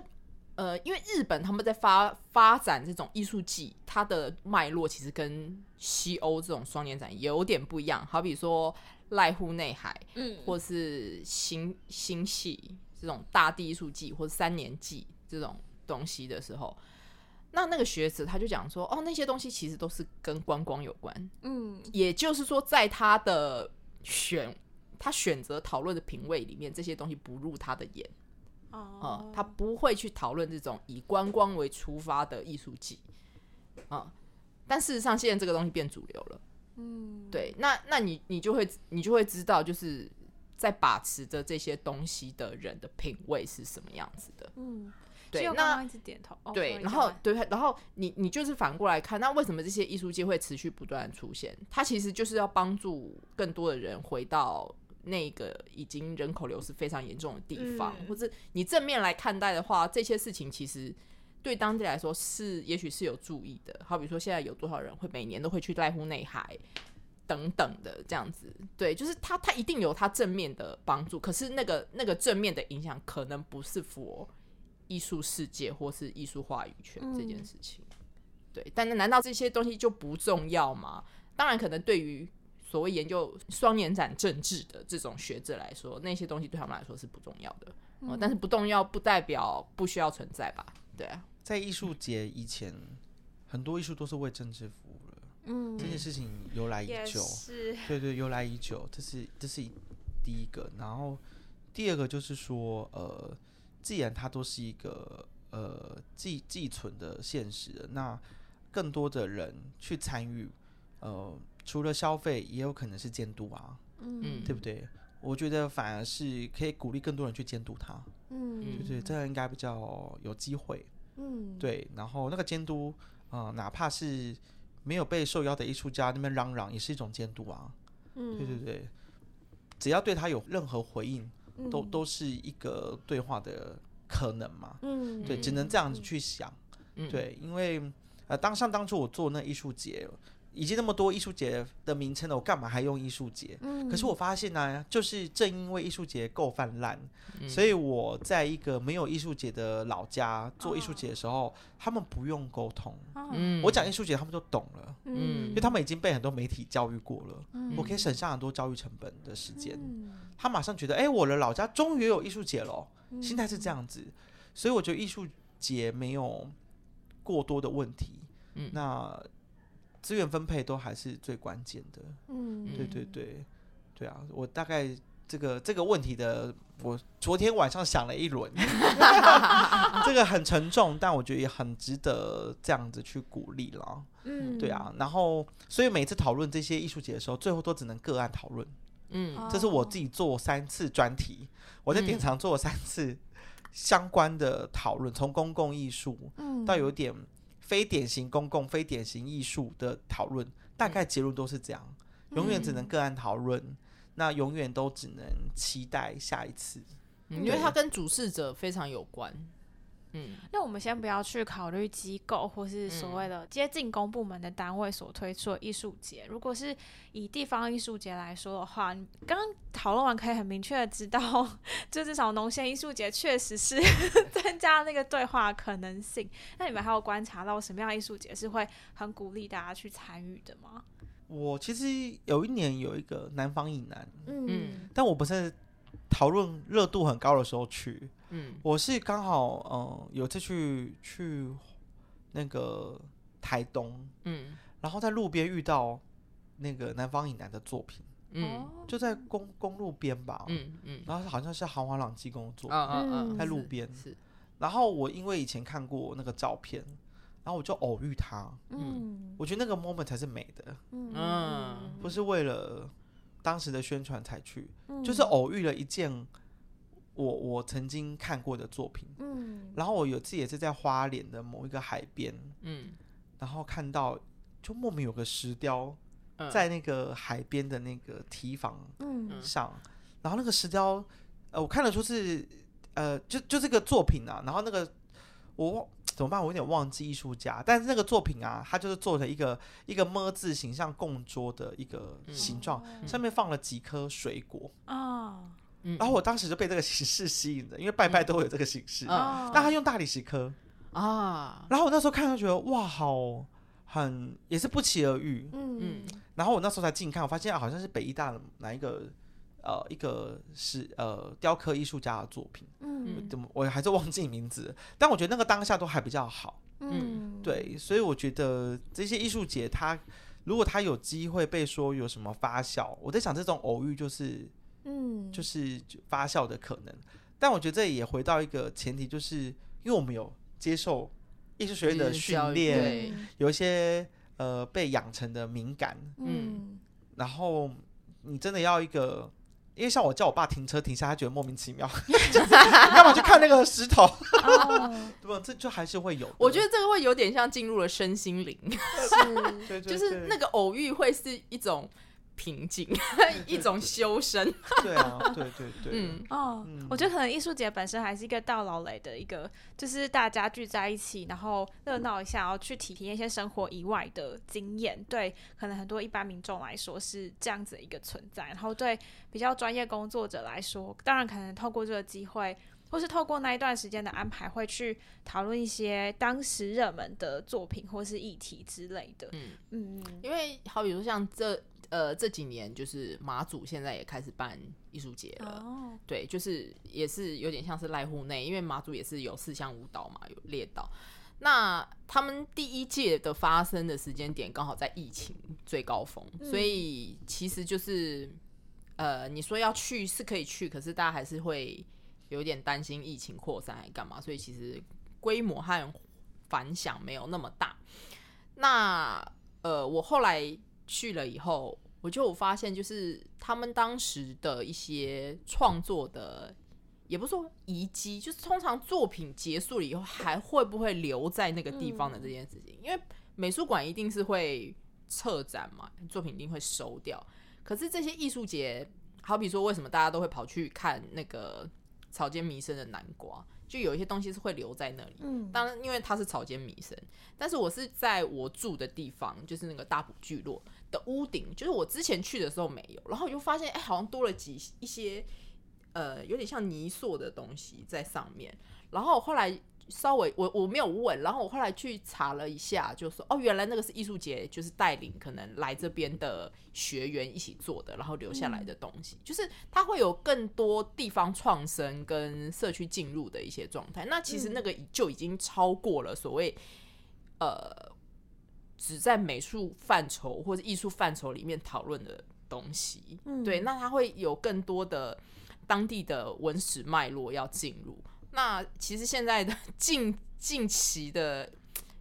呃，因為日本他們在發發展這種藝術季，它的脈絡其實跟西歐這種雙年展有點不一樣。好比說瀨戶內海、嗯，或是新新潟這種大地藝術季或者三年季這種東西的時候，那那個學者他就講說，哦，那些東西其實都是跟觀光有關，嗯，也就是說，在他的選他選擇討論的品味裡面，這些東西不入他的眼。哦、oh. 嗯，他不會去討論這種以觀光為出發的藝術季哦、嗯，但事實上現在這個東西變主流了，嗯、mm.，對，那那你你就會你就會知道，就是在把持着這些東西的人的品味是什麼樣子的，嗯、mm.，對，那一直點頭，對，哦、對，然後對，然後你你就是反過來看，那為什麼這些藝術季會持續不斷出現？它其實就是要幫助更多的人回到。那個已經人口流失非常嚴重的地方，嗯、或者你正面來看待的話，這些事情其實對當地來說是也許是有助益的。好比說，現在有多少人會每年都會去瀨戶內海等等的這樣子？對，就是他，他一定有他正面的幫助。可是那個那個正面的影響，可能不是佛藝術世界或是藝術話語權、嗯、這件事情。對，但那難道這些東西就不重要嗎？當然，可能對於，所謂研究雙年展政治的這種學者來說，那些東西對他們來說是不重要的。嗯，呃，但是不重要不代表不需要存在吧？對啊，在藝術節以前，很多藝術都是為政治服務的。嗯，這件事情由來已久。是，對，對對，由來已久。這是這是第一個。然後第二個就是說，呃，既然它都是一個呃既既存的現實，那更多的人去參與，呃。除了消費，也有可能是監督啊，嗯，對不對？我覺得反而是可以鼓勵更多人去監督他，嗯，對對，這個應該比較有機會，嗯，對。然後那個監督啊、呃，哪怕是沒有被受邀的藝術家那邊嚷嚷，也是一種監督啊，嗯，對對對，只要對他有任何回應，嗯、都都是一個對話的可能嘛，嗯，對，只能這樣子去想，嗯、對，因為呃，當像當初我做那藝術節。已經那麼多藝術節的名稱了，我幹嘛還用藝術節、嗯？可是我發現呢、啊，就是正因為藝術節夠泛濫，所以我在一個沒有藝術節的老家、嗯、做藝術節的時候，哦、他們不用溝通，哦、我講藝術節，他們就懂了、嗯，因為他們已經被很多媒體教育過了，嗯、我可以省下很多教育成本的時間、嗯，他馬上覺得，哎、欸，我的老家終於有藝術節了，心、嗯、態是這樣子，所以我覺得藝術節沒有過多的問題，嗯、那。資源分配都還是最關鍵的，嗯，對對對，對啊，我大概這個這個問題的，我昨天晚上想了一輪， 這個很沉重，但我覺得也很值得這樣子去鼓勵了，嗯，對啊，然後所以每次討論這些藝術節的時候，最後都只能個案討論，嗯，這是我自己做三次專題、嗯，我在典藏做了三次相關的討論，從、嗯、公共藝術，到有點。非典型公共、非典型藝術的討論，大概結論都是這樣，嗯、永遠只能個案討論，那永遠都只能期待下一次，對，嗯、因為它跟主事者非常有關。嗯，那我們先不要去考慮機構或是所謂的接近公部門的單位所推出的藝術節，嗯。如果是以地方藝術節來說的話，你剛剛討論完可以很明確的知道，就至少農閒藝術節確實是 增加那個對話的可能性。那你們還有觀察到什麼樣藝術節是會很鼓勵大家去參與的嗎？我其實有一年有一個南方以南，嗯，但我不是。討論熱度很高的時候去，嗯，我是剛好，嗯、呃，有一次去去那個台東，嗯，然後在路邊遇到那個南方以南的作品，嗯，就在公公路邊吧，嗯，嗯，然後好像是豪華朗機工作的、嗯，在路邊、嗯、然後我因為以前看過那個照片，然後我就偶遇他，嗯，我覺得那個 moment 才是美的，嗯，不是為了。當時的宣傳才去、嗯，就是偶遇了一件我我曾經看過的作品、嗯，然後我有次也是在花蓮的某一個海邊、嗯，然後看到就莫名有個石雕在那個海邊的那個堤防上、嗯，然後那個石雕，呃、我看得出、就是呃，就就這個作品啊，然後那個我怎麼辦？我有點忘記藝術家，但是那個作品啊，他就是做成一個一個“麼”字形，像供桌的一個形狀、嗯，上面放了幾顆水果啊、嗯。然後我當時就被這個形式吸引的，因為拜拜都會有這個形式。嗯、但他用大理石刻啊、哦。然後我那時候看就覺得哇，好很，也是不期而遇。嗯嗯。然後我那時候才近看，我發現、啊、好像是北藝大的哪一個。呃，一個是呃，雕刻藝術家的作品，嗯，怎麼，我還是忘記名字，但我覺得那個當下都還比較好，嗯，對，所以我覺得這些藝術節，他如果他有機會被說有什麼發酵，我在想這種偶遇就是，嗯，就是發酵的可能，但我覺得這也回到一個前提，就是因為我沒有接受藝術學院的訓練，有一些呃被養成的敏感嗯，嗯，然後你真的要一個。因為像我叫我爸停車停下，他覺得莫名其妙， 就是，你幹嘛，去看那個石頭， oh. 對吧？這就還是會有。我覺得這個會有點像進入了身心靈，是 就是那個偶遇會是一種。平靜， 一種修身。對啊，對對對 嗯、哦。嗯哦，我覺得可能藝術節本身還是一個到老累的一個，就是大家聚在一起，然後熱鬧一下，然後去體驗一些生活以外的經驗。對，可能很多一般民眾來說是這樣子的一個存在，然後對比較專業工作者來說，當然可能透過這個機會，或是透過那一段時間的安排，會去討論一些當時熱門的作品或是議題之類的。嗯嗯嗯，因為好，比如像這。呃，這幾年就是馬祖現在也開始辦藝術節了，oh. 對，就是也是有點像是瀨戶內，因為馬祖也是有四鄉五島嘛，有列島。那他們第一屆的發生的時間點剛好在疫情最高峰，所以其實就是呃，你說要去是可以去，可是大家還是會有點擔心疫情擴散還幹嘛，所以其實規模和反響沒有那麼大。那呃，我後來。去了以後，我就發現，就是他們當時的一些創作的，也不是說遺迹，就是通常作品結束了以後，還會不會留在那個地方的這件事情。嗯、因為美術館一定是會撤展嘛，作品一定會收掉。可是這些藝術節，好比說，為什麼大家都會跑去看那個草間彌生的南瓜？就有一些東西是會留在那裡，當然因為它是草間彌生，但是我是在我住的地方，就是那個大埔聚落的屋頂，就是我之前去的時候沒有，然後我就發現，哎、欸，好像多了幾一些，呃，有點像泥塑的東西在上面，然後後來。稍微我我沒有問，然後我後來去查了一下，就說哦，原來那個是藝術節，就是帶領可能來這邊的學員一起做的，然後留下來的東西，嗯、就是它會有更多地方創生跟社區進入的一些狀態。那其實那個就已經超過了所謂、嗯、呃，只在美術範疇或者藝術範疇裡面討論的東西、嗯。對，那它會有更多的當地的文史脈絡要進入。那其實現在的近近期的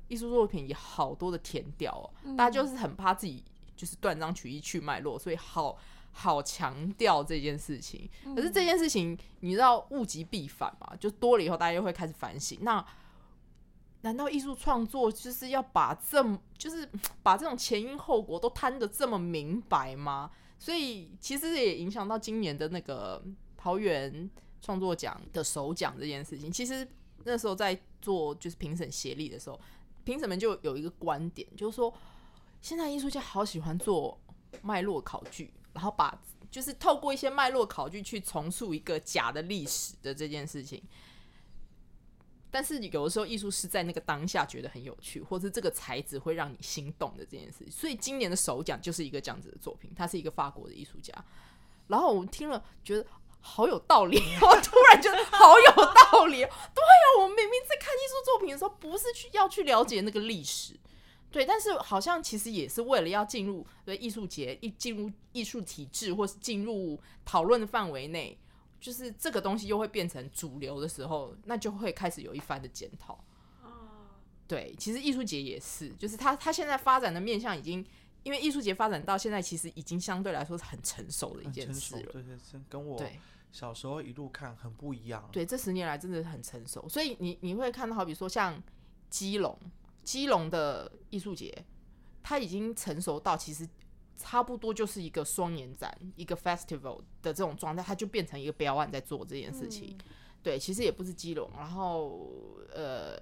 藝術作品也好多的田調哦，大家就是很怕自己就是斷章取義去脈絡，所以好好強調這件事情。可是這件事情你知道物極必反嘛，就多了以後，大家又會開始反省。那難道藝術創作就是要把這，就是把這種前因後果都攤得這麼明白嗎？所以其實也影響到今年的那個桃園。創作獎的首獎這件事情，其實那時候在做就是評審協力的時候，評審們就有一個觀點，就是說現在藝術家好喜歡做脈絡考據，然後把就是透過一些脈絡考據去重塑一個假的歷史的這件事情。但是有的時候，藝術是在那個當下覺得很有趣，或者是這個材質會讓你心動的這件事情。所以今年的首獎就是一個這樣子的作品，他是一個法國的藝術家，然後我聽了覺得。好有道理，哦，突然覺得好有道理。 對、哦、我明明在看藝術作品的時候，不是去要去了解那個歷史，對。但是好像其實也是為了要進入對藝術節，一進入藝術體制，或是進入討論的範圍內，就是這個東西又會變成主流的時候，那就會開始有一番的檢討。對，其實藝術節也是，就是它他現在發展的面向已經。因為藝術節發展到現在，其實已經相對來說是很成熟的一件事了。成熟。對對對，跟我小時候一路看很不一樣。對。對，這十年來真的很成熟，所以你你會看到，好比說像基隆，基隆的藝術節，它已經成熟到其實差不多就是一個雙年展、一個 festival 的這種狀態，它就變成一個標案在做這件事情。嗯、對，其實也不是基隆，然後呃。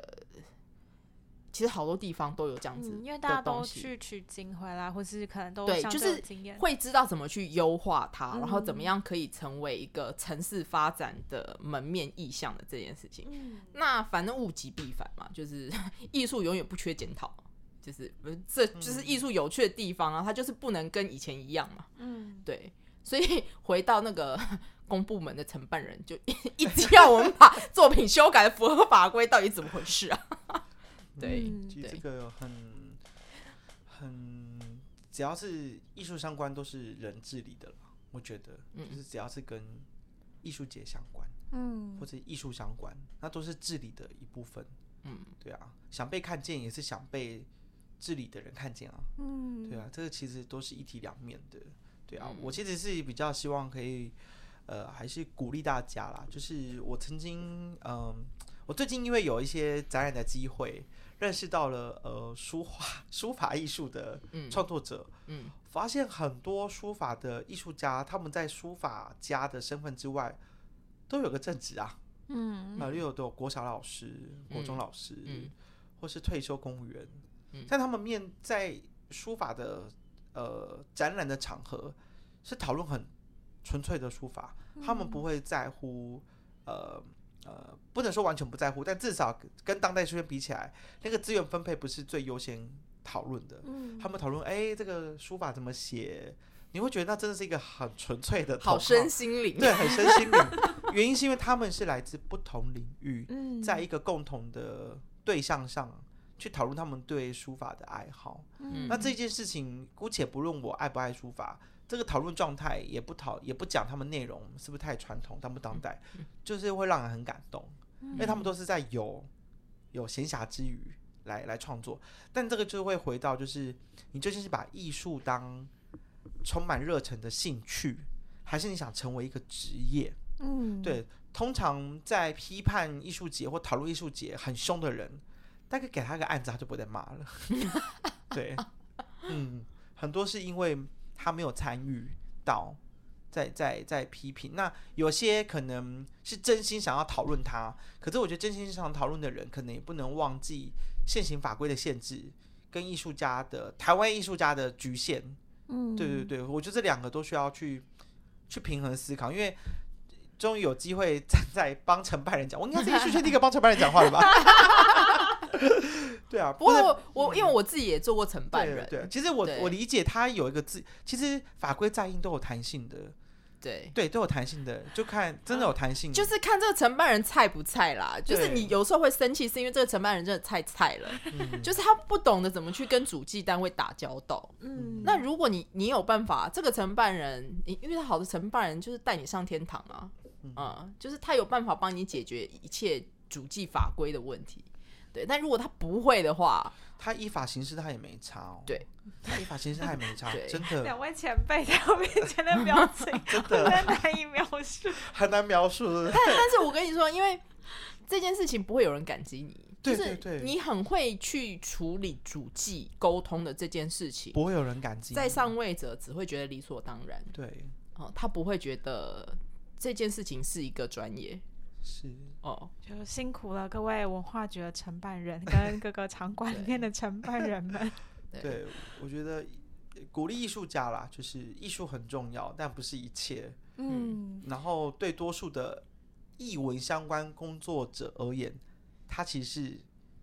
其實好多地方都有這樣子、嗯，因為大家都去取經回來，或是可能都這經驗，對，就是會知道怎麼去優化它、嗯，然後怎麼樣可以成為一個城市發展的門面意象的這件事情。嗯、那反正物極必反嘛，就是藝術永遠不缺檢討，就是不是就是藝術有趣的地方啊、嗯，它就是不能跟以前一樣嘛。嗯，對，所以回到那個公部門的承辦人，就一直要我們把作品修改符合法規，到底怎麼回事啊？嗯 嗯、對，其實這個很、很，只要是藝術相關，都是人治理的，我覺得、嗯，就是只要是跟藝術節相關，嗯，或者藝術相關，那都是治理的一部分。嗯，對啊，想被看見也是想被治理的人看見啊。嗯，對啊，這個其實都是一體兩面的。對啊、嗯，我其實是比較希望可以，呃，還是鼓勵大家啦。就是我曾經，嗯、呃。我最近因為有一些展覽的機會，認識到了呃，書畫書法藝術的創作者、嗯嗯，發現很多書法的藝術家，他們在書法家的身份之外，都有個正職啊，那、嗯、又、呃、有國小老師，國中老師，嗯、或是退休公務員，在、嗯嗯、他們面在書法的呃展覽的場合，是討論很純粹的書法、嗯，他們不會在乎呃。呃，不能說完全不在乎，但至少跟當代書院比起來，那個資源分配不是最優先討論的，嗯。他們討論哎，這個書法怎麼寫？你會覺得那真的是一個很純粹的討論，好身心靈，對，很身心靈。 原因是因為他們是來自不同領域，嗯、在一個共同的對象上去討論他們對書法的愛好。嗯、那這件事情姑且不論我愛不愛書法。這個討論狀態也不討也不講他們內容是不是太傳統當不當代，嗯嗯，就是會讓人很感動，嗯、因為他們都是在有有閒暇之餘來來創作，但這個就會回到就是你究竟是把藝術當充滿熱忱的興趣，還是你想成為一個職業？嗯，對。通常在批判藝術節或討論藝術節很凶的人，大概給他一個案子他就不再罵了。 對，嗯， 很多是因為。他沒有參與到，在在在批評。那有些可能是真心想要討論他，可是我覺得真心想討論的人，可能也不能忘記現行法規的限制跟藝術家的台灣藝術家的局限。嗯，對對對，我覺得這兩個都需要去去平衡思考，因為終於有機會站在幫承辦人講，我應該是藝術圈第一個幫承辦人講話了吧。 對啊，不，不過我、嗯、我因為我自己也做過承辦人，對啊對啊，其實我我理解他有一個字，其實法規再硬都有彈性的，對對都有彈性的，就看真的有彈性，嗯，就是看這個承辦人菜不菜啦。就是你有時候會生氣，是因為這個承辦人真的太菜、菜了，就是他不懂得怎麼去跟主計單位打交道。 嗯，那如果你你有辦法，這個承辦人，你遇到好的承辦人就是帶你上天堂啊。嗯，嗯，就是他有辦法幫你解決一切主計法規的問題。對，但如果他不會的話，他依法行事，他也沒差哦。對，他依法行事，他也沒差， 真的。兩位前輩在我面前的表情，真的難以描述， 很難描述。但是我跟你說，因為這件事情不會有人感激你，對對對，就是你很會去處理主計溝通的這件事情，不會有人感激你。在上位者只會覺得理所當然，對，哦，他不會覺得這件事情是一個專業。是哦，oh. 就辛苦了各位文化局的承辦人跟各個場館裡面的承辦人們。 對, 對，我覺得鼓勵藝術家啦，就是藝術很重要，但不是一切。嗯。嗯然後對多數的藝文相關工作者而言，他其實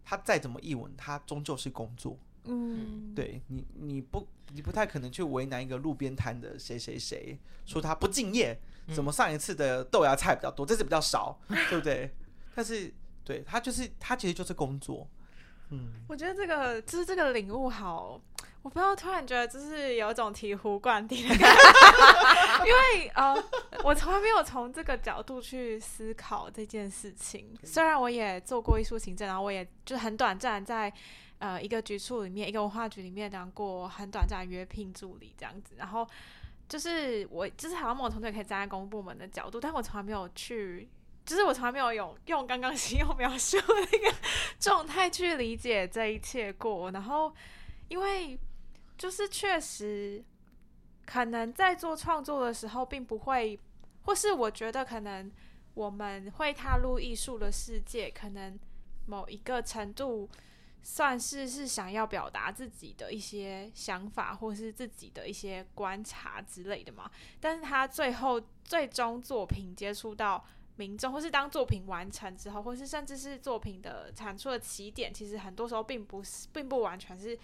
他再怎麼藝文，他終究是工作。嗯。對你，你不，你不太可能去為難一個路邊攤的誰誰誰，說他不敬業。嗯怎麼上一次的豆芽菜比較多，嗯、這次比較少，對不對？ 但是對他就是他其實就是工作。嗯，我覺得這個就是這個領悟好，我不知道突然覺得就是有一種醍醐灌頂的感覺， 因為呃，我從來沒有從這個角度去思考這件事情。 雖然我也做過藝術行政，然後我也就很短暫在呃一個局處裡面，一個文化局裡面當過很短暫的約聘助理這樣子，然後。就是我，就是好像我同學可以站在公部門的角度，但我從來沒有去，就是我從來沒有，有用用剛剛星佑描述的那個狀態去理解這一切過。然後，因為就是確實可能在做創作的時候，並不會，或是我覺得可能我們會踏入藝術的世界，可能某一個程度。算是是想要表達自己的一些想法，或是自己的一些觀察之類的嘛。但是他最後最終作品接觸到民眾，或是當作品完成之後，或是甚至是作品的產出的起點，其實很多時候並不是並不完全是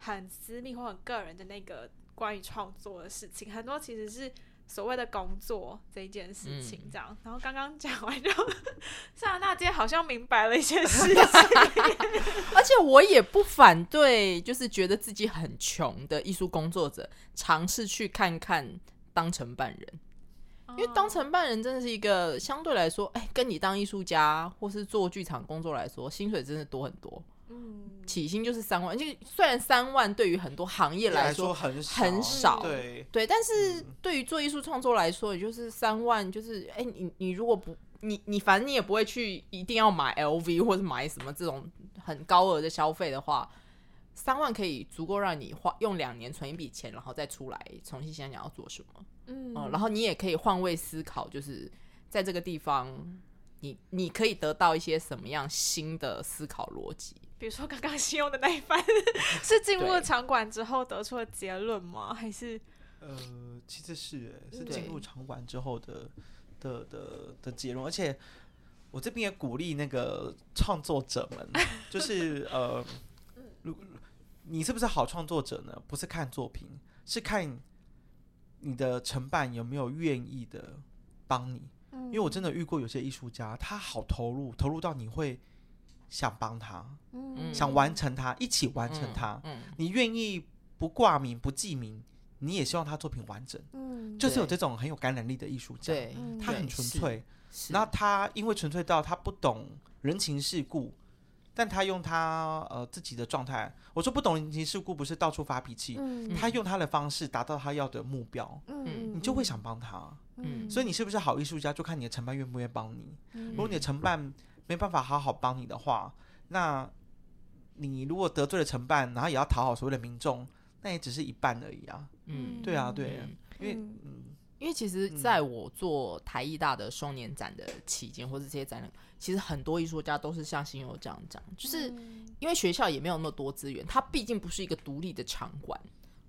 很私密或很個人的那個關於創作的事情，很多其實是。所謂的工作這一件事情，這樣、嗯，然後剛剛講完就，剎那間好像明白了一些事情，嗯、 而且我也不反對，就是覺得自己很窮的藝術工作者嘗試去看看當承辦人，因為當承辦人真的是一個、哦、相對來說，哎，跟你當藝術家或是做劇場工作來說，薪水真的多很多。嗯，起薪就是三萬，就雖然三萬對於很多行業來說很少對來說很少，對，對，對但是對於做藝術創作來說，也就是三萬，就是誒、欸，你你如果不，你你反正你也不會去一定要買 LV 或者買什麼這種很高額的消費的話，三萬可以足夠讓你花用兩年存一筆錢，然後再出來重新想想要做什麼，嗯，哦、然後你也可以換位思考，就是在這個地方你，你你可以得到一些什麼樣新的思考邏輯。比如說剛剛使用的那一番， 是進入場館之後得出的結論嗎？還 是呃，其實是是進入場館之後的的的的結論。而且我這邊也鼓勵那個創作者們， 就是呃，如你是不是好創作者呢？不是看作品，是看你的承辦有沒有願意的幫你。嗯。因為我真的遇過有些藝術家，他好投入，投入到你會。想幫他、嗯，想完成他、嗯，一起完成他，嗯，你願意不掛名不記名，你也希望他作品完整，嗯，就是有這種很有感染力的藝術家，他很純粹，那他因為純粹到他不懂人情世故，但他用他呃自己的狀態，我說不懂人情世故不是到處發脾氣，嗯，他用他的方式達到他要的目標，嗯，你就會想幫他、嗯，所以你是不是好藝術家就看你的承辦願不願幫你、嗯，如果你的承辦。沒辦法好好幫你的話，那你如果得罪了承辦，然後也要討好所謂的民眾，那也只是一半而已啊。嗯，對啊，對啊、嗯，因為、嗯、因為其實，在我做台藝大的雙年展的期間，或是這些展覽，其實很多藝術家都是像星佑這樣講，就是因為學校也沒有那麼多資源，它畢竟不是一個獨立的場館，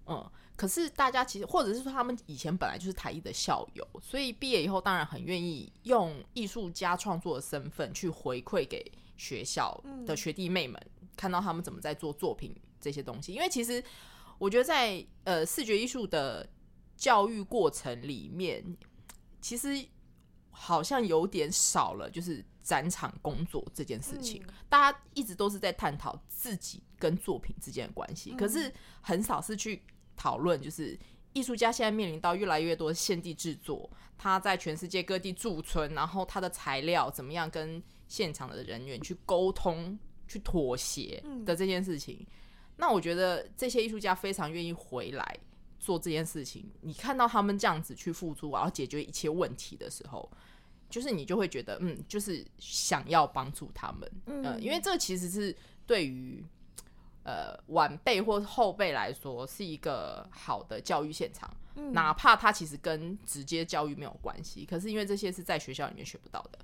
嗯。可是大家其實，或者是說他們以前本來就是台藝的校友，所以畢業以後當然很願意用藝術家創作的身份去回饋給學校的學弟妹們，看到他們怎麼在做作品這些東西。因為其實我覺得在呃視覺藝術的教育過程裡面，其實好像有點少了，就是展場工作這件事情。大家一直都是在探討自己跟作品之間的關係，可是很少是去。討論就是藝術家現在面臨到越來越多的現地製作，他在全世界各地駐村，然後他的材料怎麼樣跟現場的人員去溝通、去妥協的這件事情、嗯。那我覺得這些藝術家非常願意回來做這件事情。你看到他們這樣子去付出，然後解決一切問題的時候，就是你就會覺得，嗯，就是想要幫助他們，嗯、呃，因為這其實是對於。呃，晚輩或後輩來說是一個好的教育現場，嗯、哪怕他其實跟直接教育沒有關係，可是因為這些是在學校裡面學不到的，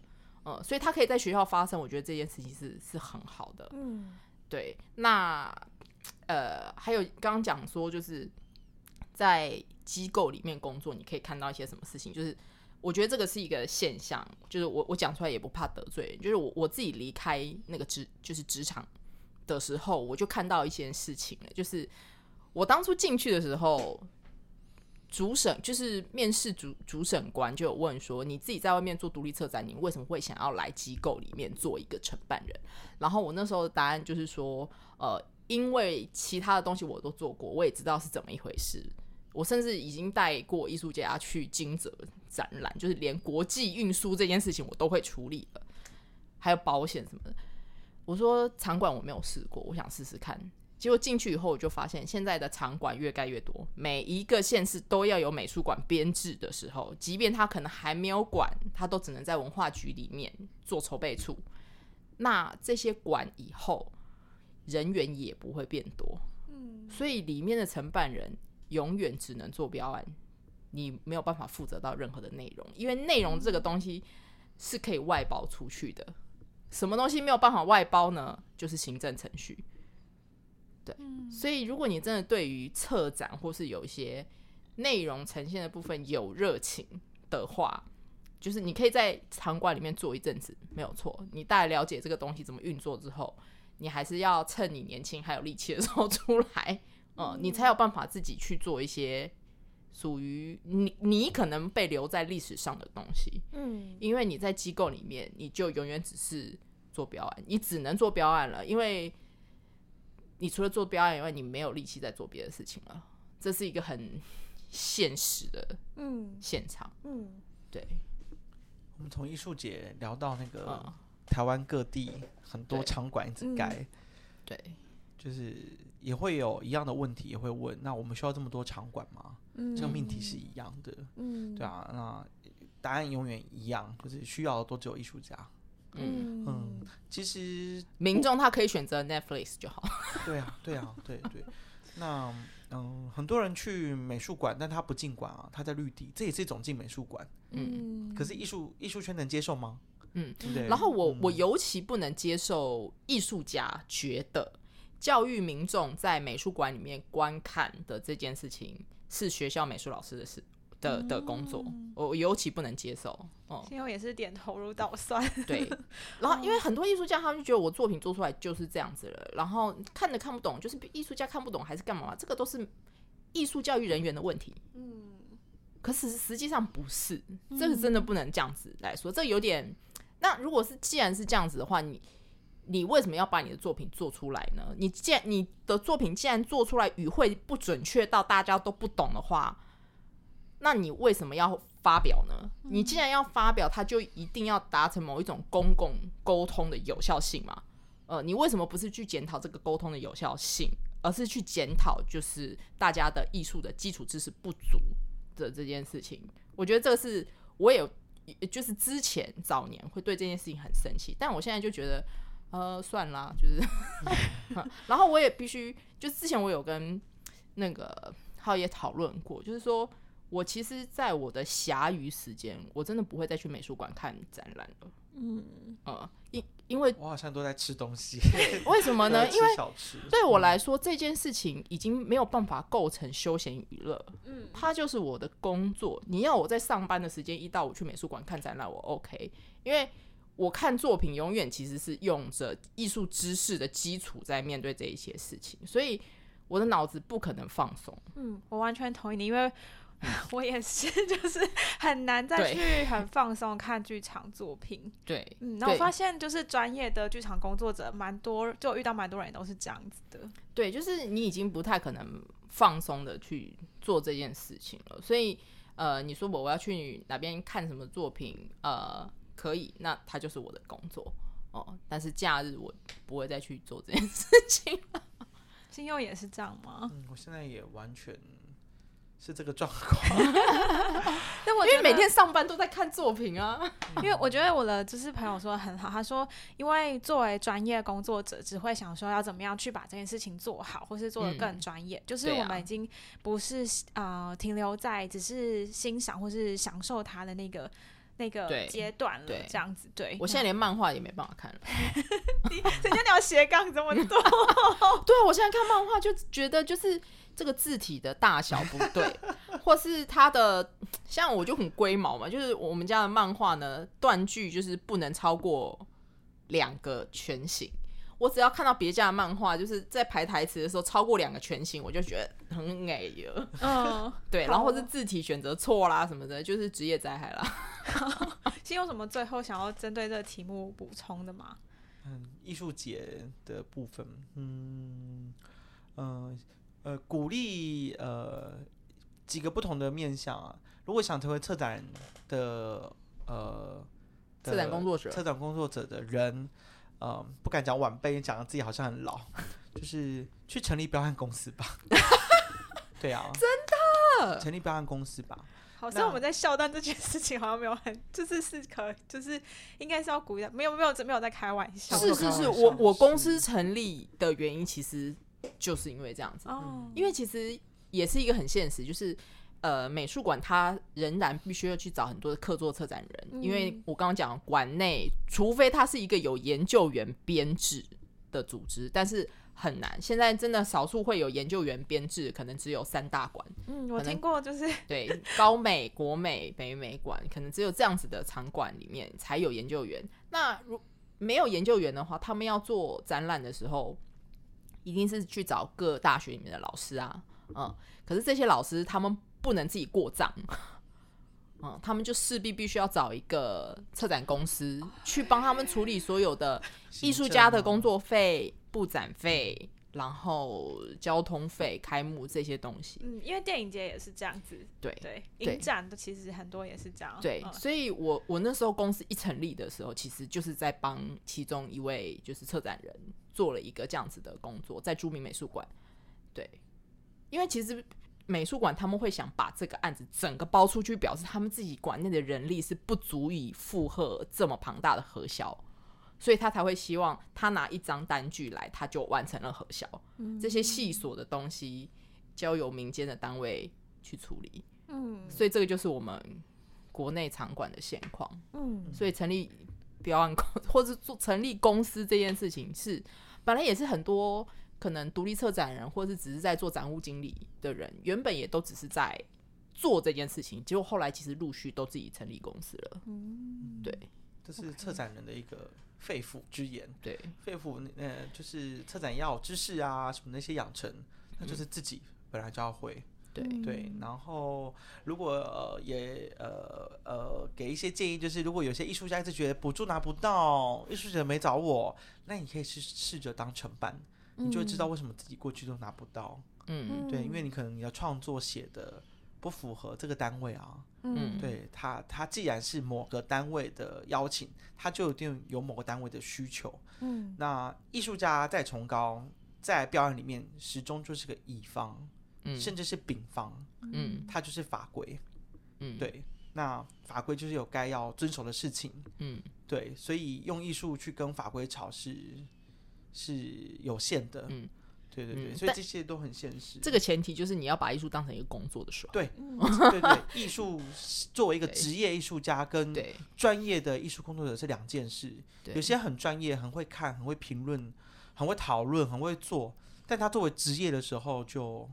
嗯、呃，所以他可以在學校發生，我覺得這件事情是是很好的，嗯，對。那呃，還有剛剛講說就是在機構裡面工作，你可以看到一些什麼事情，就是我覺得這個是一個現象，就是我我講出來也不怕得罪，就是我我自己離開那個職就是職場。的時候，我就看到一件事情了。就是我當初進去的時候，主審就是面試主主審官就有問說，你自己在外面做獨立策展，你為什麼會想要來機構裡面做一個承辦人？然後我那時候的答案就是說，呃，因為其他的東西我都做過，我也知道是怎麼一回事。我甚至已經帶過藝術家去金澤展覽，就是連國際運輸這件事情我都會處理了，還有保險什麼的。我說場館我沒有試過，我想試試看。結果進去以後，我就發現現在的場館越蓋越多，每一個縣市都要有美術館編制的時候，即便他可能還沒有館，他都只能在文化局裡面做籌備處。那這些館以後人員也不會變多，所以裡面的承辦人永遠只能做標案，你沒有辦法負責到任何的內容，因為內容這個東西是可以外包出去的。什麼東西沒有辦法外包呢？就是行政程序。對，所以如果你真的對於策展或是有一些內容呈現的部分有熱情的話，就是你可以在場館裡面做一陣子，沒有錯。你大概了解這個東西怎麼運作之後，你還是要趁你年輕還有力氣的時候出來，嗯，你才有辦法自己去做一些。屬於你，你可能被留在歷史上的東西，嗯，因為你在機構裡面，你就永遠只是做標案，你只能做標案了，因為你除了做標案以外，你沒有力氣再做別的事情了。這是一個很現實的，現場，嗯，嗯，對。我們從藝術節聊到那個台灣各地很多場館一直改，嗯，對，就是。也會有一樣的問題，也會問：那我們需要這麼多場館嗎？嗯、這個命題是一樣的、嗯。對啊，那答案永遠一樣，就是需要多久藝術家？嗯嗯，其實民眾他可以選擇 Netflix 就好。對啊，對啊，對對。 那嗯，很多人去美術館，但他不進館啊，他在綠地，這也是一種進美術館。嗯。可是藝術藝術圈能接受嗎？嗯。對然後我、嗯、我尤其不能接受藝術家覺得。教育民眾在美術館裡面觀看的這件事情是學校美術老師的事、嗯、的的工作，我尤其不能接受。哦、嗯，最後也是點頭如搗蒜。對，然後因為很多藝術家他們就覺得我作品做出來就是這樣子了，嗯、然後看的看不懂，就是藝術家看不懂還是幹嘛嘛？這個都是藝術教育人員的問題。嗯，可是實際上不是，這個真的不能這樣子來說，嗯、這個、有點。那如果是既然是這樣子的話，你。你為什麼要把你的作品做出來呢？你既然你的作品既然做出來，語彙不準確到大家都不懂的話，那你為什麼要發表呢？你既然要發表，它就一定要達成某一種公共溝通的有效性嘛。呃，你為什麼不是去檢討這個溝通的有效性，而是去檢討就是大家的藝術的基礎知識不足的這件事情？我覺得這個是我也有，就是之前早年會對這件事情很生氣，但我現在就覺得。呃，算啦，就是、嗯， 嗯、 然後我也必須，就之前我有跟那個好野討論過，就是說我其實，在我的暇餘時間，我真的不會再去美術館看展覽了。嗯，啊，因因為我好像都在吃東西，為什麼呢？ 因為小吃，對我來說這件事情已經沒有辦法構成休閒娛樂。嗯，它就是我的工作。你要我在上班的時間一到，我去美術館看展覽，我 OK，因為。我看作品永遠其實是用着藝術知識的基礎在面對這一些事情，所以我的腦子不可能放鬆。嗯，我完全同意你，因為 我也是，就是很難再去很放鬆看劇場作品。對，嗯，然後我發現就是專業的劇場工作者，蠻多就遇到蠻多人都是這樣子的。對，就是你已經不太可能放鬆的去做這件事情了。所以，呃，你說我我要去哪邊看什麼作品，呃。可以，那他就是我的工作哦。但是假日我不會再去做這件事情。星佑也是這樣嗎？嗯，我現在也完全是這個狀況 哦。因為每天上班都在看作品啊、嗯。因為我覺得我的就是朋友說得很好，他說，因為作為專業工作者，只會想說要怎麼樣去把這件事情做好，或是做的更專業、嗯。就是我們已經不是啊、呃、停留在只是欣賞或是享受他的那個。那個階段了，這樣子。對，對，對，對我現在連漫畫也沒辦法看了。人家那條斜槓怎麼斷？對，我現在看漫畫就覺得就是這個字體的大小不對， 或是它的，像我就很龜毛嘛，就是我們家的漫畫呢，斷句就是不能超過兩個全形。我只要看到別家的漫畫，就是在排台詞的時候超過兩個全形，我就覺得很矮了。嗯、uh, 對，然後是字體選擇錯啦什麼的，就是職業災害啦。星佑有什麼最後想要針對這個題目補充的嗎？嗯，藝術節的部分，嗯嗯呃、呃，鼓勵呃幾個不同的面向啊。如果想成為策展的呃的策展工作者，策展工作者的人。呃、不敢講晚輩，講自己好像很老，就是去成立表演公司吧。 對啊，真的，成立表演公司吧。好像我們在笑，但這件事情好像沒有很，就是是可，就是應該是要鼓勵，沒有沒有沒有在開玩笑。是是是，我我公司成立的原因，其實就是因為這樣子。哦，因為其實也是一個很現實，就是。呃，美術館它仍然必須要去找很多的客座策展人，嗯，因為我剛剛講，館內除非它是一個有研究員編制的組織，但是很難。現在真的少數會有研究員編制，可能只有三大館。嗯，我聽過，就是。對，高美、國美、北美館，可能只有這樣子的場館裡面才有研究員。那如果沒有研究員的話，他們要做展覽的時候，一定是去找各大學裡面的老師啊。嗯，可是這些老師他們。不能自己過賬，嗯，他們就勢必必須要找一個策展公司去幫他們處理所有的藝術家的工作費、佈展費，然後交通費、開幕這些東西。嗯，因為電影節也是這樣子，對對，影展的其實很多也是這樣。對，所以我我那時候公司一成立的時候，其實就是在幫其中一位就是策展人做了一個這樣子的工作，在朱銘美術館。對，因為其實。美術館他們會想把這個案子整個包出去，表示他們自己館內的人力是不足以負荷這麼龐大的核銷，所以他才會希望他拿一張單據來，他就完成了核銷。這些細瑣的東西交由民間的單位去處理。嗯，所以這個就是我們國內場館的現況。嗯，所以成立表演公，或者做成立公司這件事情是，是本來也是很多。可能獨立策展人，或者是只是在做展務經理的人，原本也都只是在做這件事情，結果後來其實陸續都自己成立公司了。嗯，對，這是策展人的一個肺腑之言。對，肺腑呃，就是策展要知識啊，什麼那些養成、嗯，那就是自己本來就要會。對、嗯、對，然後如果呃也呃呃給一些建議，就是如果有些藝術家一直覺得補助拿不到，藝術家沒找我，那你可以試試着當承辦。你就會知道為什麼自己過去都拿不到，嗯對，因為你可能你的創作寫的不符合這個單位啊，嗯，對他，他既然是某個單位的邀請，他就有一定有某個單位的需求，嗯，那藝術家再崇高，在標案裡面始終就是個乙方，嗯，甚至是丙方，嗯，他就是法規，嗯，對，那法規就是有該要遵守的事情，嗯，對，所以用藝術去跟法規吵是。是有限的，嗯，對對對，嗯，所以這些都很現實。這個前提就是你要把藝術當成一個工作的時候，對， 對對對，藝術作為一個職業藝術家跟專業的藝術工作者是兩件事。有些很專業，很會看，很會評論，很會討論，很會做，但他作為職業的時候就。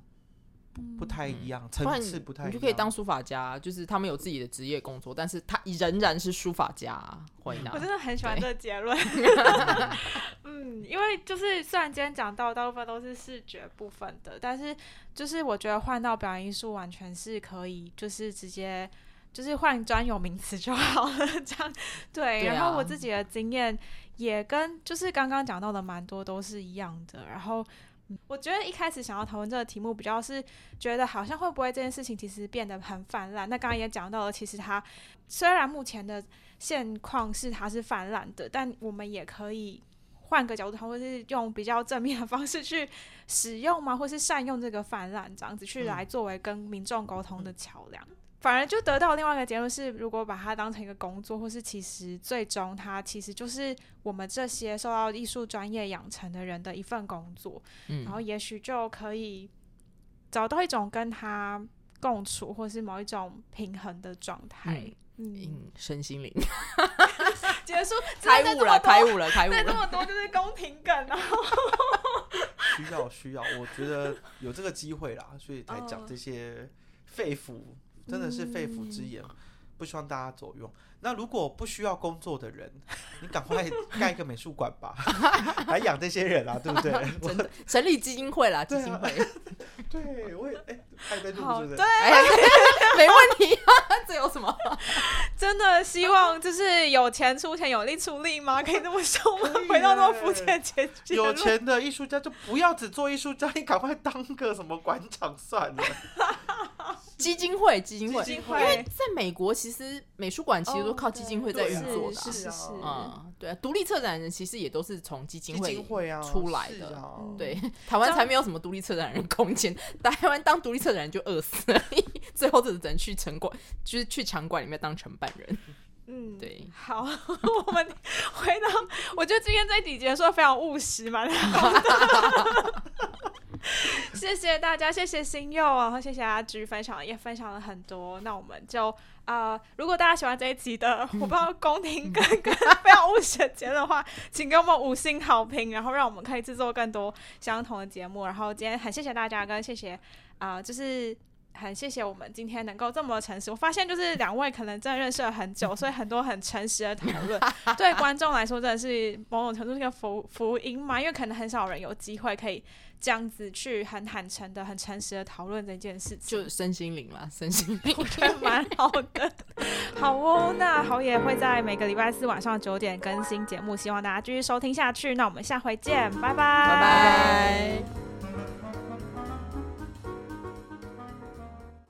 不太一樣，層、嗯、次不太一樣。你就可以當書法家，就是他們有自己的職業工作，但是他仍然是書法家。啊，我真的很喜歡這個結論。 嗯，因為就是雖然今天講到的大部分都是視覺部分的，但是就是我覺得換到表演藝術完全是可以，就是直接就是換專有名詞就好了。這樣對，對、啊，然後我自己的經驗也跟就是剛剛講到的蠻多都是一樣的，然後。我覺得一開始想要討論這個題目，比較是覺得好像會不會這件事情其實變得很泛濫。那剛剛也講到了，其實它雖然目前的現況是它是泛濫的，但我們也可以換個角度，或者是用比較正面的方式去使用嘛，或是善用這個泛濫這樣子去來作為跟民眾溝通的橋樑。反而就得到另外一個結論是，如果把它當成一個工作，或是其實最終它其實就是我們這些受到藝術專業養成的人的一份工作，嗯，然後也許就可以找到一種跟他共處，或是某一種平衡的狀態，嗯，嗯，身心靈， 結束。開悟了，開悟了，開悟了，了，需要需要，我覺得有這個機會啦，所以才講這些肺腑。真的是肺腑之言、嗯，不希望大家走冤。那如果不需要工作的人，你趕快蓋一個美術館吧， 還養這、啊、 這些人啊，對不對？成立基金會啦，啊、基金會。 對，我也哎，在、欸、做，對不對？對、欸，沒問題，啊， 這有什麼？ 真的希望就是有錢出錢，有力出力嗎？ 真的希望就是有錢出錢有力出力嗎？ 可以那麼收嗎？回到那麼膚淺的結論？有錢的藝術家就不要只做藝術家，你趕快當個什麼館長算了 基。基金會，基金會，因為在美國其實美術館其實、哦。靠基金會在做運作的、啊，是啊，嗯，對、啊，獨立策展人其實也都是從基金會出來的，啊、對，啊、台灣才沒有什麼獨立策展人空間，台灣當獨立策展人就餓死了，最後只能去場館，就是去場館裡面當承辦人。嗯，對，好，我們回到， 我覺得今天這一集說的非常務實嘛。 謝謝大家，謝謝星佑，然後謝謝阿橘分享，也分享了很多。那我們就啊、呃，如果大家喜歡這一集的，我不知道 公廷哥哥，不要誤選節的話，請給我們五星好評，然後讓我們可以製作更多相同的節目。然後今天很謝謝大家，跟謝謝啊、呃，就是很謝謝我們今天能夠這麼誠實。我發現就是兩位可能真的認識了很久，所以很多很誠實的討論， 對觀眾來說真的是某種程度是一個福福音嘛，因為可能很少人有機會可以。這樣子去很坦誠的、很誠實的討論這件事情，就是身心靈嘛，身心靈， 我覺得蠻好的。好哦，那好野會在每個禮拜四晚上九點更新節目，希望大家繼續收聽下去。那我們下回見，拜拜，拜拜。